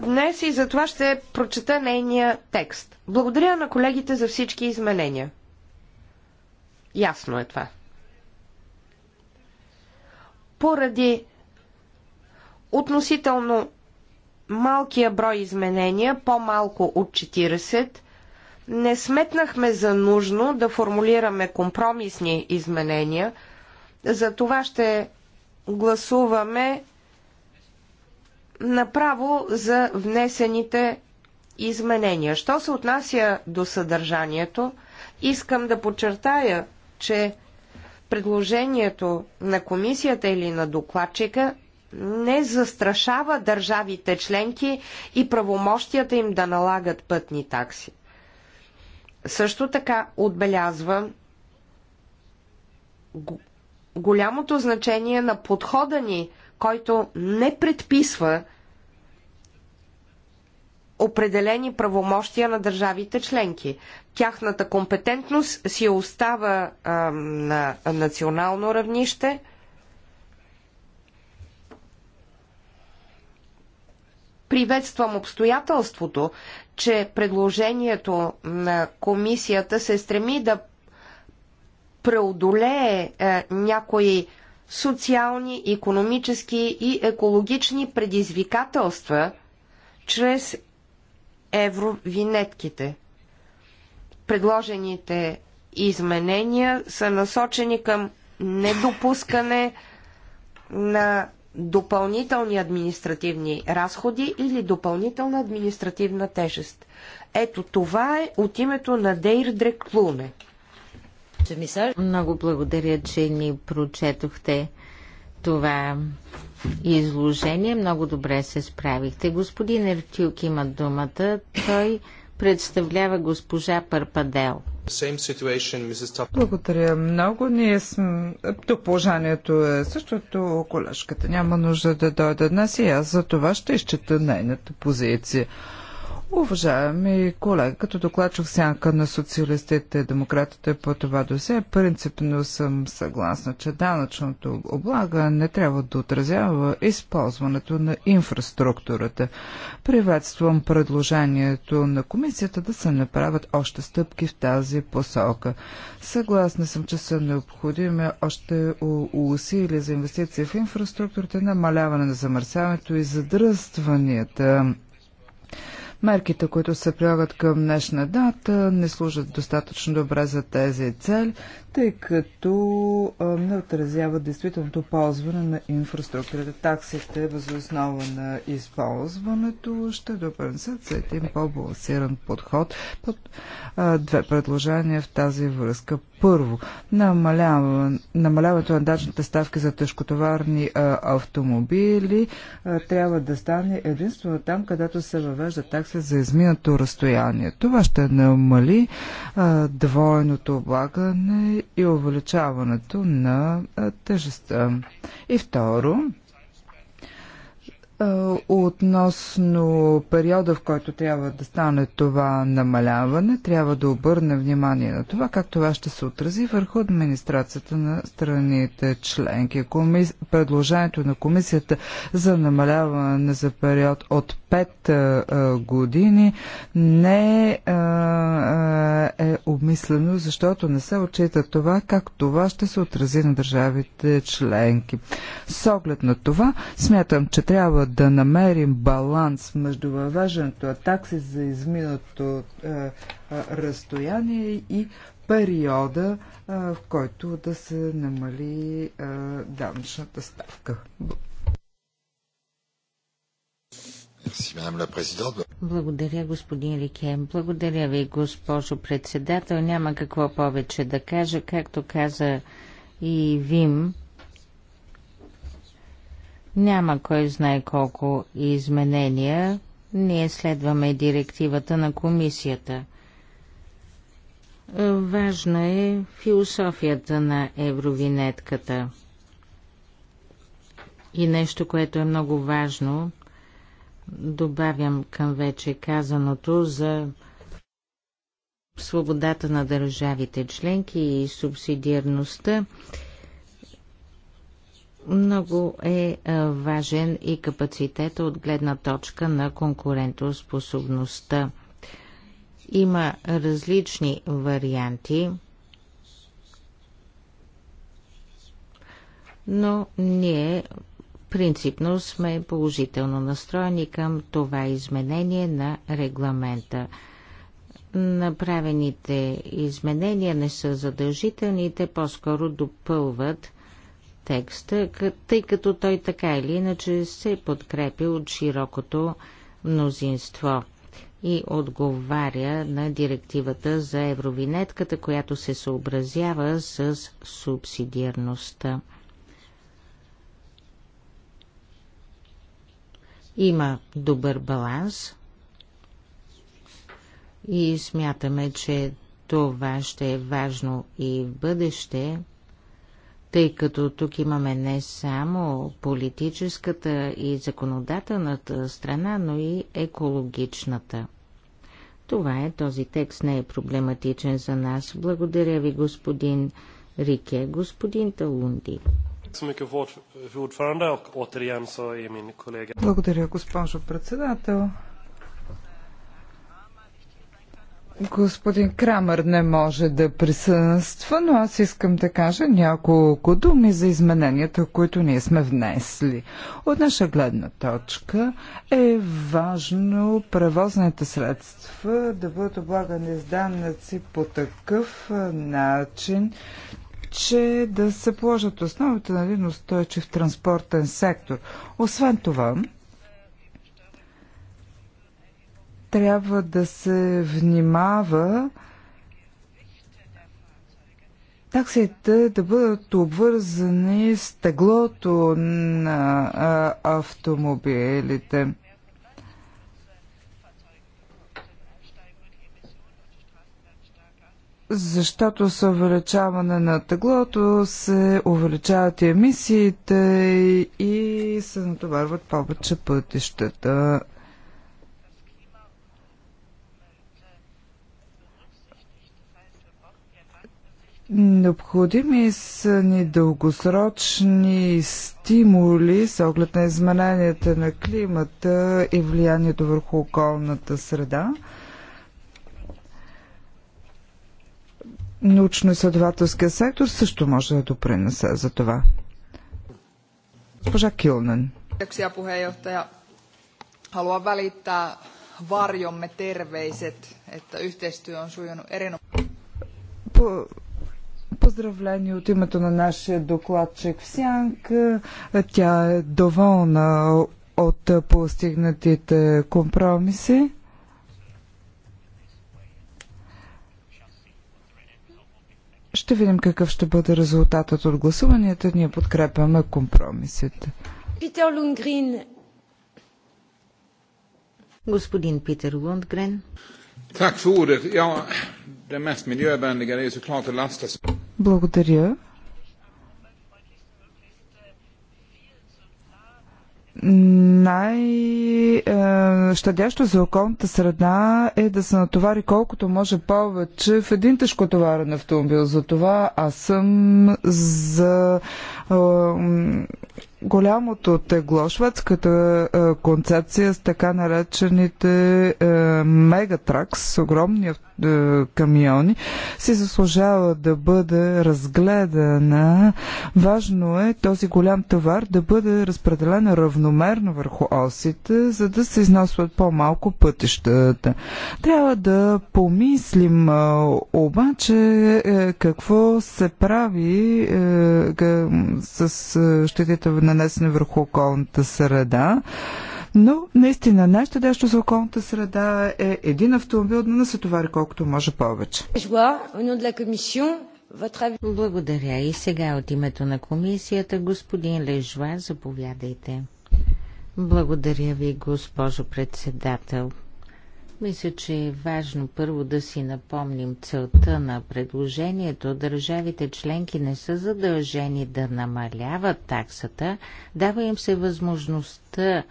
днес и затова ще прочета нейния текст. Благодаря на колегите за всички изменения. Ясно е това. Поради относително малкия брой изменения, по-малко от 40, не сметнахме за нужно да формулираме компромисни изменения. За това ще гласуваме направо за внесените изменения. Що се отнася до съдържанието, искам да подчертая, че предложението на комисията или на докладчика не застрашава държавите членки и правомощията им да налагат пътни такси също така отбелязва голямото значение на подхода ни, който не предписва определени правомощия на държавите членки. Тяхната компетентност си остава а, на национално равнище – Приветствам обстоятелството, че предложението на комисията се стреми да преодолее е, някои социални, економически и екологични предизвикателства чрез евровинетките. Предложените изменения са насочени към недопускане на допълнителни административни разходи или допълнителна административна тежест. Ето това е от името на Дейрдре Клуне. Много благодаря, че ни прочетохте това изложение. Много добре се справихте. Господин Ертюк има думата. Той представлява госпожа Парпадел. Благодаря много. Ние сме... Тук положението е същото. Колежката няма нужда да дойде днес и аз за това ще изчета нейната позиция. Уважаеми колега, като докладчик сянка на социалистите и демократите по това досе, принципно съм съгласна, че данъчното облага не трябва да отразява използването на инфраструктурата. Приветствам предложението на комисията да се направят още стъпки в тази посока. Съгласна съм, че са необходими още усилия за инвестиции в инфраструктурата, намаляване на замърсяването и задръстванията Мерките, които се прилагат към днешна дата, не служат достатъчно добре за тези цели тъй като а, не отразява действителното ползване на инфраструктурата. Таксите възоснова на използването ще допринесат за един по-балансиран подход под а, две предложения в тази връзка. Първо, намалява, намаляването на дачните ставки за тежкотоварни а, автомобили а, трябва да стане единствено там, където се въвежда такса за изминато разстояние. Това ще намали а, двойното облагане и увеличаването на тежестта. И второ, е, относно периода, в който трябва да стане това намаляване, трябва да обърне внимание на това, как това ще се отрази върху администрацията на страните членки. Предложението на комисията за намаляване за период от 5 е, е, години не е обмислено, защото не се отчита това, как това ще се отрази на държавите членки. С оглед на това, смятам, че трябва да намерим баланс между въвеждането на такси за изминато е, е, разстояние и периода, е, в който да се намали данъчната ставка. Благодаря, господин Рикем. Благодаря ви, госпожо председател. Няма какво повече да кажа. Както каза и Вим, няма кой знае колко изменения. Ние следваме директивата на комисията. Важна е философията на евровинетката. И нещо, което е много важно, добавям към вече казаното за свободата на държавите членки и субсидиарността. Много е важен и капацитет от гледна точка на конкурентоспособността. Има различни варианти, но ние принципно сме положително настроени към това изменение на регламента. Направените изменения не са задължителни, те по-скоро допълват текста, тъй като той така или иначе се подкрепи от широкото мнозинство и отговаря на директивата за евровинетката, която се съобразява с субсидиарността. Има добър баланс и смятаме, че това ще е важно и в бъдеще тъй като тук имаме не само политическата и законодателната страна, но и екологичната. Това е, този текст не е проблематичен за нас. Благодаря ви, господин Рике, господин Талунди. Благодаря, госпожо председател. Господин Крамър не може да присъства, но аз искам да кажа няколко думи за измененията, които ние сме внесли. От наша гледна точка е важно превозните средства да бъдат облагани с данъци по такъв начин, че да се положат основите на един устойчив транспортен сектор. Освен това, трябва да се внимава таксите да бъдат обвързани с теглото на а, автомобилите. Защото с увеличаване на теглото се увеличават и емисиите и се натоварват повече пътищата. Необходими са ни дългосрочни стимули с оглед на измененията на климата и влиянието върху околната среда. Научно-изследователския сектор също може да допринесе за това. Госпожа Килнен. Kiitoksia puheenjohtaja. varjomme terveiset, että yhteistyö on sujunut erinomaisesti Поздравление от името на нашия докладчик в Сянка. Тя е доволна от постигнатите компромиси. Ще видим какъв ще бъде резултатът от гласуванията. Ние подкрепяме компромисите. Питер Лунгрин. Господин Питер Лундгрен. Tack Ja, det mest miljövänliga är såklart att lasta благодаря. най-щадящо за околната среда е да се натовари колкото може повече в един тежкотоварен автомобил. Затова аз съм за голямото тегло, шведската е, концепция с така наречените е, мегатракс, огромни е, камиони, си заслужава да бъде разгледана. Важно е този голям товар да бъде разпределен равномерно върху осите, за да се износват по-малко пътищата. Трябва да помислим обаче какво се прави с щетите на нанесени върху околната среда. Но наистина най-щадящо за околната среда е един автомобил да не се товари колкото може повече. Благодаря. И сега от името на комисията господин Лежва, заповядайте. Благодаря ви, госпожо председател. Мисля, че е важно първо да си напомним целта на предложението. Държавите членки не са задължени да намаляват таксата, дава им се възможността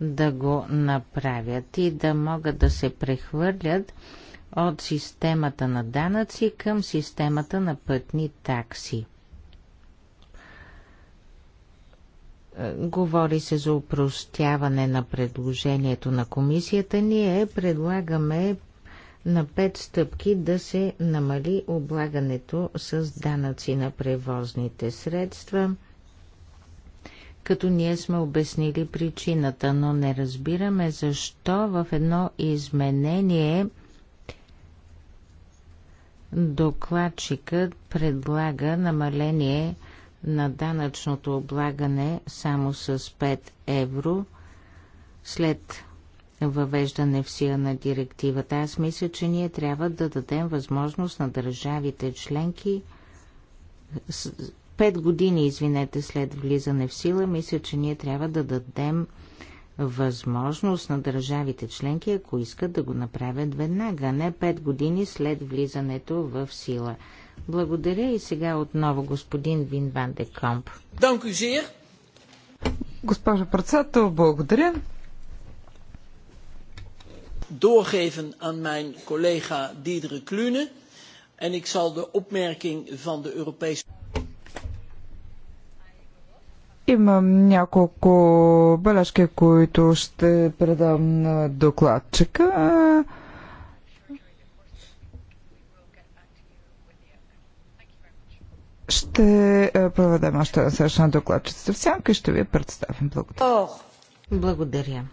да го направят и да могат да се прехвърлят от системата на данъци към системата на пътни такси. Е, говори се за упростяване на предложението на комисията. Ние предлагаме на пет стъпки да се намали облагането с данъци на превозните средства, като ние сме обяснили причината, но не разбираме защо в едно изменение докладчикът предлага намаление – на данъчното облагане само с 5 евро след въвеждане в сила на директивата. Аз мисля, че ние трябва да дадем възможност на държавите членки 5 години, извинете, след влизане в сила, мисля, че ние трябва да дадем възможност на държавите членки, ако искат да го направят веднага, не 5 години след влизането в сила. Благодаря и сега отново господин Вин Ван де Комп. Госпожо председател, благодаря. Doorgeven aan mijn collega Diedre Клюне en ik zal de opmerking van de Europese. Имам няколко бележки, които ще предам на докладчика. Ще е, проведем още една среща докладчицата в сянка и ще ви я представим. Благодаря. Благодаря.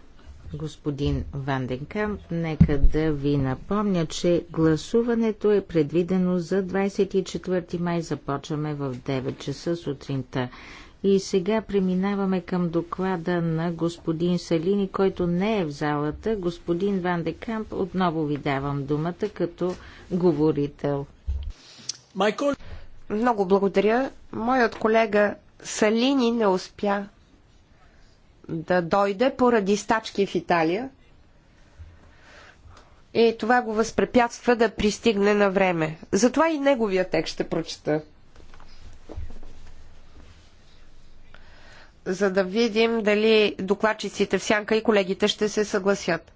Господин Ванденкам, нека да ви напомня, че гласуването е предвидено за 24 май. Започваме в 9 часа сутринта. И сега преминаваме към доклада на господин Салини, който не е в залата. Господин Ван де Камп, отново ви давам думата като говорител. Майкъл... Много благодаря. Моят колега Салини не успя да дойде поради стачки в Италия. И това го възпрепятства да пристигне на време. Затова и неговия текст ще прочета. За да видим дали докладчиците в сянка и колегите ще се съгласят.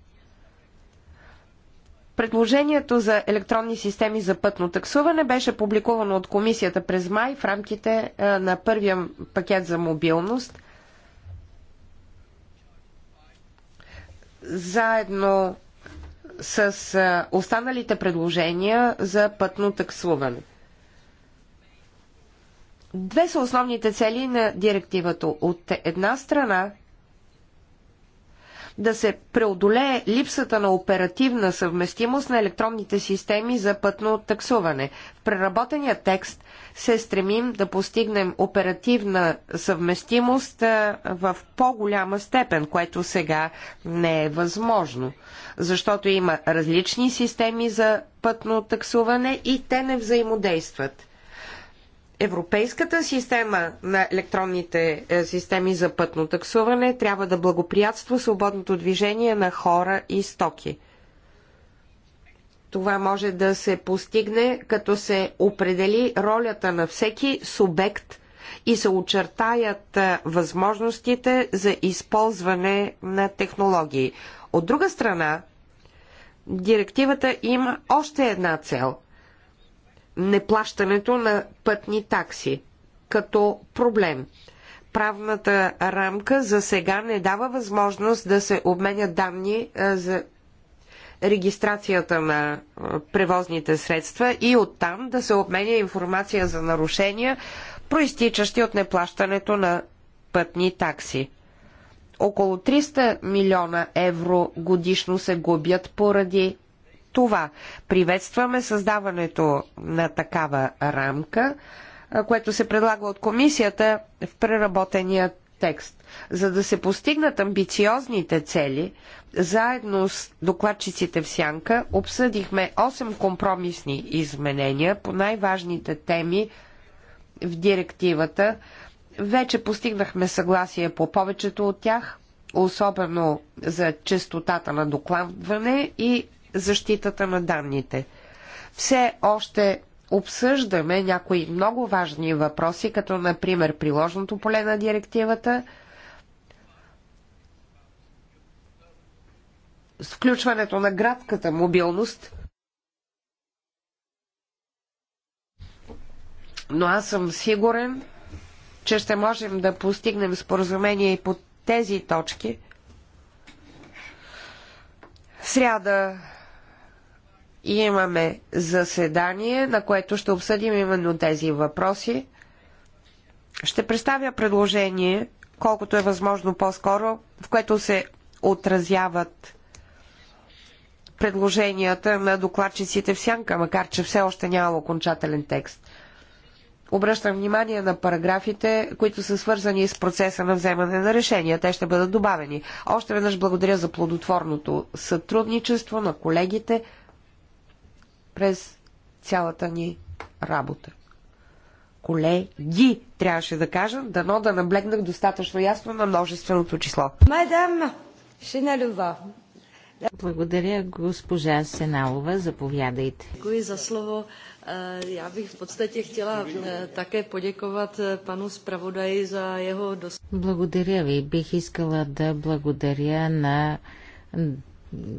Предложението за електронни системи за пътно таксуване беше публикувано от комисията през май в рамките е, на първия пакет за мобилност. Заедно с е, останалите предложения за пътно таксуване. Две са основните цели на директивата. От една страна да се преодолее липсата на оперативна съвместимост на електронните системи за пътно таксуване. В преработения текст се стремим да постигнем оперативна съвместимост в по-голяма степен, което сега не е възможно, защото има различни системи за пътно таксуване и те не взаимодействат. Европейската система на електронните е, системи за пътно таксуване трябва да благоприятства свободното движение на хора и стоки. Това може да се постигне, като се определи ролята на всеки субект и се очертаят е, възможностите за използване на технологии. От друга страна, директивата има още една цел – неплащането на пътни такси като проблем. Правната рамка за сега не дава възможност да се обменят данни е, за регистрацията на е, превозните средства и оттам да се обменя информация за нарушения, проистичащи от неплащането на пътни такси. Около 300 милиона евро годишно се губят поради това. Приветстваме създаването на такава рамка, което се предлага от комисията в преработения текст. За да се постигнат амбициозните цели, заедно с докладчиците в Сянка обсъдихме 8 компромисни изменения по най-важните теми в директивата. Вече постигнахме съгласие по повечето от тях, особено за честотата на докладване и защитата на данните. Все още обсъждаме някои много важни въпроси, като например приложното поле на директивата, включването на градската мобилност. Но аз съм сигурен, че ще можем да постигнем споразумение и по тези точки. Сряда имаме заседание, на което ще обсъдим именно тези въпроси. Ще представя предложение, колкото е възможно по-скоро, в което се отразяват предложенията на докладчиците в сянка, макар че все още няма окончателен текст. Обръщам внимание на параграфите, които са свързани с процеса на вземане на решения. Те ще бъдат добавени. Още веднъж благодаря за плодотворното сътрудничество на колегите през цялата ни работа. Колеги, трябваше да кажа, дано да наблегнах достатъчно ясно на множественото число. Мадам Шиналюва. Благодаря, госпожа Сеналова. Заповядайте. Děkuji за слово. Е, já bych v podstatě chtěla е, také poděkovat е, panu zpravodaji za jeho... Благодаря ви. Бих искала да благодаря на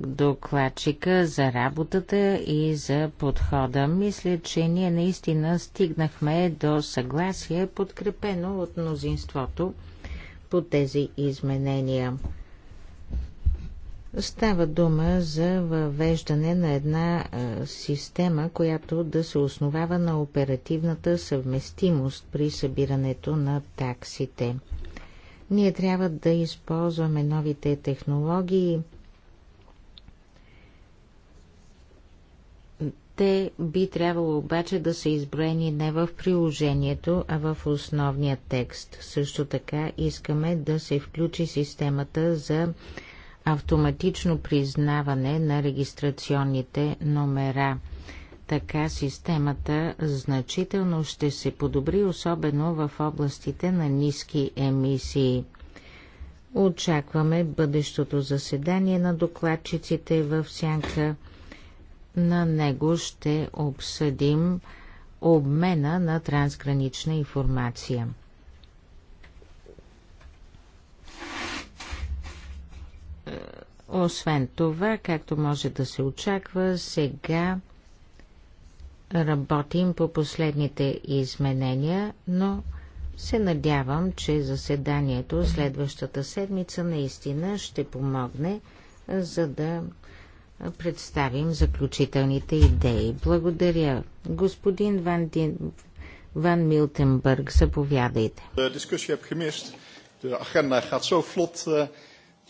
докладчика за работата и за подхода. Мисля, че ние наистина стигнахме до съгласие, подкрепено от мнозинството по тези изменения. Става дума за въвеждане на една система, която да се основава на оперативната съвместимост при събирането на таксите. Ние трябва да използваме новите технологии, Те би трябвало обаче да са изброени не в приложението, а в основния текст. Също така искаме да се включи системата за автоматично признаване на регистрационните номера. Така системата значително ще се подобри, особено в областите на ниски емисии. Очакваме бъдещото заседание на докладчиците в Сянка – на него ще обсъдим обмена на трансгранична информация. Освен това, както може да се очаква, сега работим по последните изменения, но се надявам, че заседанието следващата седмица наистина ще помогне, за да представим заключителните идеи. Благодаря. Господин Ван, Дин... Ван Милтенбърг, заповядайте. heb gemist. De agenda gaat zo vlot eh,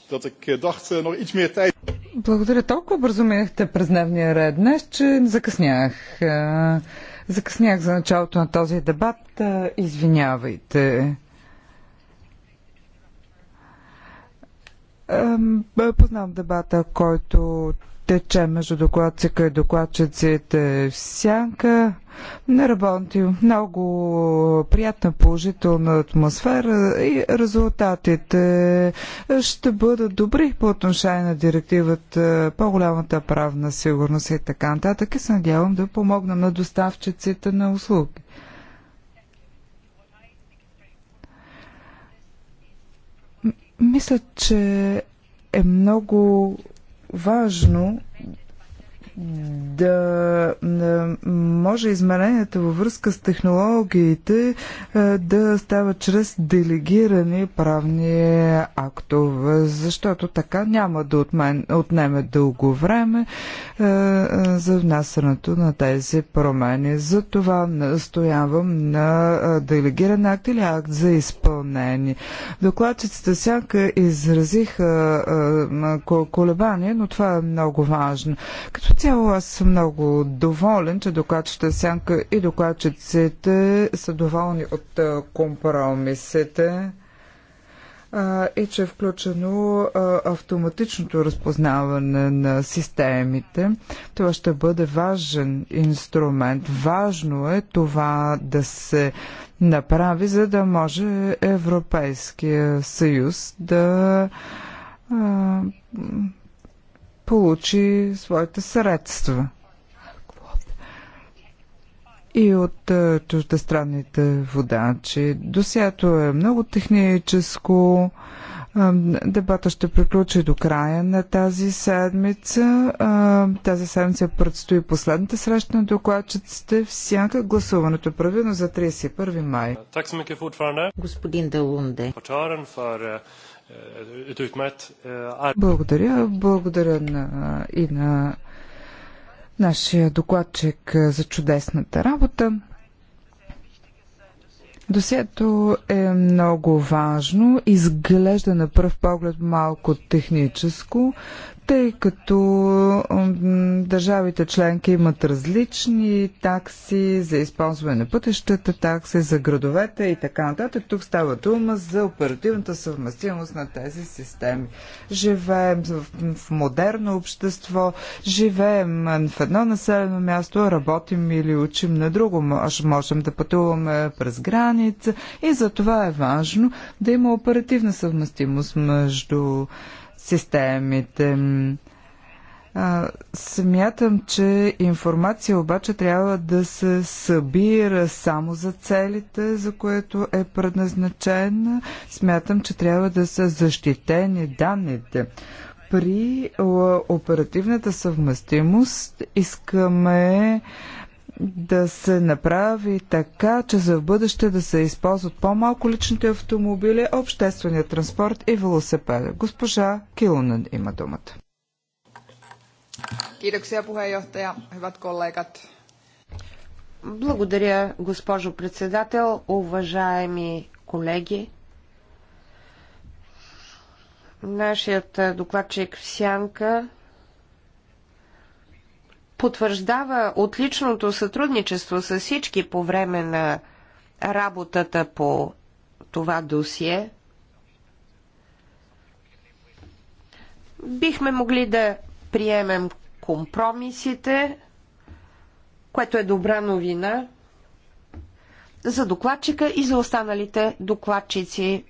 dat ik eh, dacht eh, nog iets meer tijd. Благодаря. Толкова бързо минахте през дневния ред днес, че закъснях. Е, закъснях за началото на този дебат. Е, извинявайте. Е, познавам дебата, който тече между докладчика и докладчиците в сянка. Не работим. много приятна положителна атмосфера и резултатите ще бъдат добри по отношение на директивата, по-голямата правна сигурност и така нататък и се надявам да помогнам на доставчиците на услуги. Мисля, че е много важно да може измеренията във връзка с технологиите е, да стават чрез делегирани правни актове, защото така няма да отмен, отнеме дълго време е, е, за внасянето на тези промени. За това настоявам на делегиран акт или акт за изпълнение. Докладчиците сяка изразиха колебание, но това е много важно. Като цяло аз съм много доволен, че докладчета Сянка и докладчиците са доволни от компромисите и че е включено автоматичното разпознаване на системите. Това ще бъде важен инструмент. Важно е това да се направи, за да може Европейския съюз да получи своите средства и от е, чуждестранните водачи. Досието е много техническо. Е, дебата ще приключи до края на тази седмица. Е, тази седмица предстои последната среща на докладчиците. Всяка гласуването е правилно за 31 май. Господин Далунде. Благодаря. Благодаря на, и на нашия докладчик за чудесната работа. Досието е много важно, изглежда на пръв поглед малко техническо, тъй като държавите членки имат различни такси за използване на пътищата, такси за градовете и така нататък. Тук става дума за оперативната съвместимост на тези системи. Живеем в модерно общество, живеем в едно населено място, работим или учим на друго, можем да пътуваме през граница и за това е важно да има оперативна съвместимост между системите. Смятам, че информация обаче трябва да се събира само за целите, за което е предназначена. Смятам, че трябва да са защитени данните. При оперативната съвместимост искаме да се направи така, че за в бъдеще да се използват по-малко личните автомобили, обществения транспорт и велосипеда. Госпожа Килунен има думата. Благодаря, госпожо председател, уважаеми колеги. Нашият докладчик в Сянка потвърждава отличното сътрудничество с всички по време на работата по това досие. Бихме могли да приемем компромисите, което е добра новина за докладчика и за останалите докладчици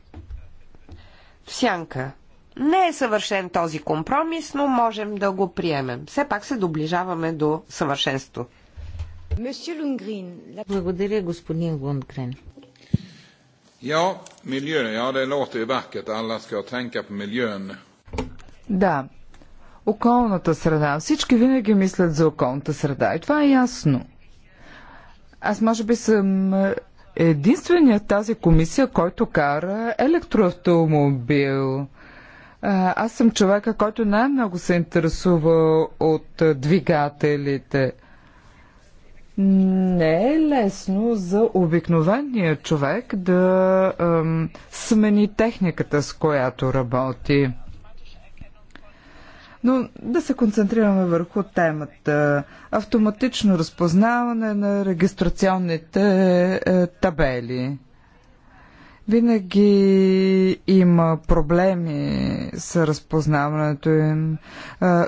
в сянка. Не е съвършен този компромис, но можем да го приемем. Все пак се доближаваме до съвършенство. Благодаря, господин Лунгрен. Ja, miljö, ja det låter ju vackert. Alla ska tänka på miljön. Да, околната среда. Всички винаги мислят за околната среда и това е ясно. Аз може би съм е, единственият тази комисия, който кара електроавтомобил. Аз съм човека, който най-много се интересува от двигателите. Не е лесно за обикновения човек да ем, смени техниката, с която работи. Но да се концентрираме върху темата. Автоматично разпознаване на регистрационните е, табели винаги има проблеми с разпознаването им,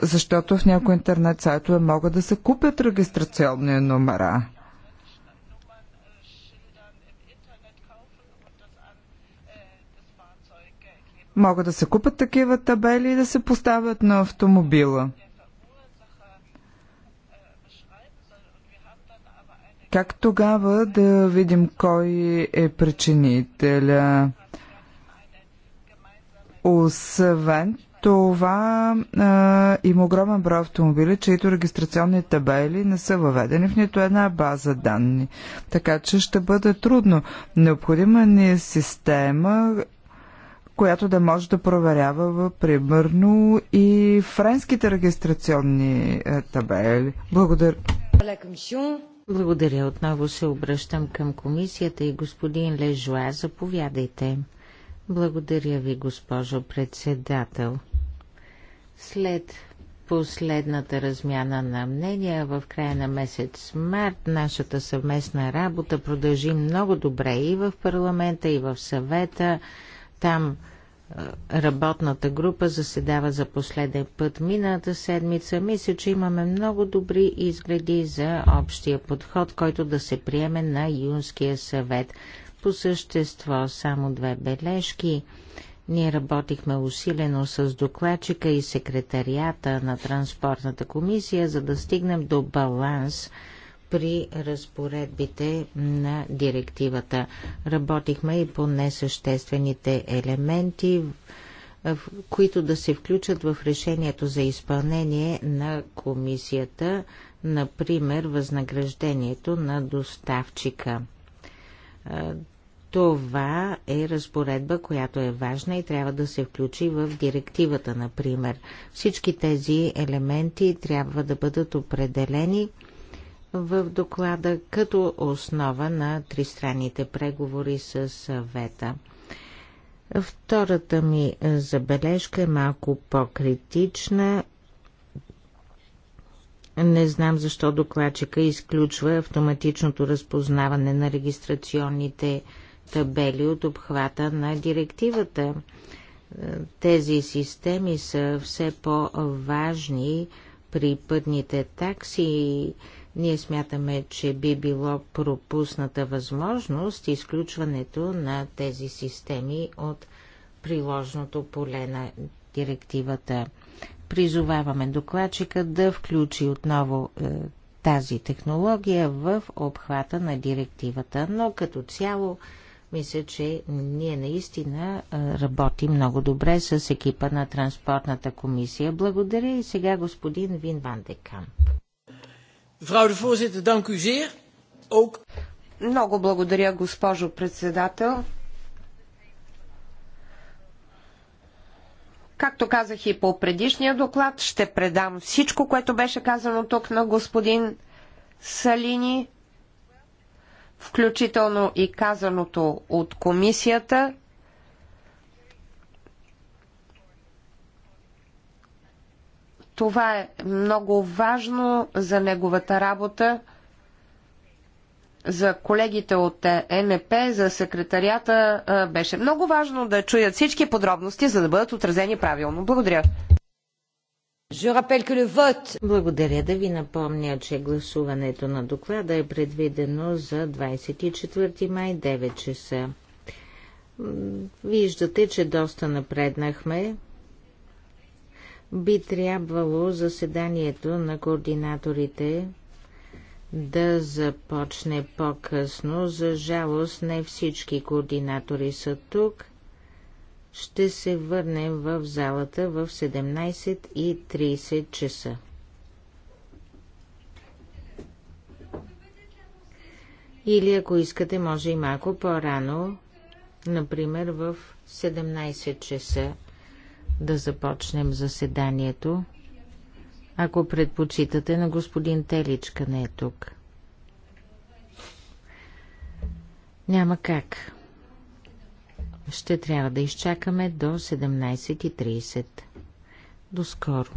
защото в някои интернет сайтове могат да се купят регистрационни номера. Могат да се купят такива табели и да се поставят на автомобила. Как тогава да видим кой е причинителя? Освен това а, има огромен брой автомобили, чието регистрационни табели не са въведени в нито една база данни. Така че ще бъде трудно. Необходима ни е система, която да може да проверява, примерно, и френските регистрационни табели. Благодаря. Благодаря. Отново се обръщам към комисията и господин Лежуа, заповядайте. Благодаря ви, госпожо председател. След последната размяна на мнения в края на месец март нашата съвместна работа продължи много добре и в парламента, и в съвета. Там Работната група заседава за последен път миналата седмица. Мисля, че имаме много добри изгледи за общия подход, който да се приеме на Юнския съвет. По същество само две бележки. Ние работихме усилено с докладчика и секретарията на Транспортната комисия, за да стигнем до баланс – при разпоредбите на директивата. Работихме и по несъществените елементи, които да се включат в решението за изпълнение на комисията, например възнаграждението на доставчика. Това е разпоредба, която е важна и трябва да се включи в директивата, например. Всички тези елементи трябва да бъдат определени в доклада като основа на тристранните преговори с съвета. Втората ми забележка е малко по-критична. Не знам защо докладчика изключва автоматичното разпознаване на регистрационните табели от обхвата на директивата. Тези системи са все по-важни при пътните такси и ние смятаме, че би било пропусната възможност изключването на тези системи от приложното поле на директивата. Призоваваме докладчика да включи отново е, тази технология в обхвата на директивата, но като цяло мисля, че ние наистина е, работим много добре с екипа на Транспортната комисия. Благодаря и сега господин Вин Ван Декамп. Mevrouw de voorzitter, dank u zeer. Ook... Много благодаря, госпожо председател. Както казах и по предишния доклад, ще предам всичко, което беше казано тук на господин Салини, включително и казаното от комисията Това е много важно за неговата работа, за колегите от е НП, за секретарията. Беше много важно да чуят всички подробности, за да бъдат отразени правилно. Благодаря. Благодаря да ви напомня, че гласуването на доклада е предвидено за 24 май 9 часа. Виждате, че доста напреднахме би трябвало заседанието на координаторите да започне по-късно. За жалост не всички координатори са тук. Ще се върнем в залата в 17.30 часа. Или ако искате, може и малко по-рано, например в 17 часа да започнем заседанието. Ако предпочитате на господин Теличка, не е тук. Няма как. Ще трябва да изчакаме до 17.30. До скоро.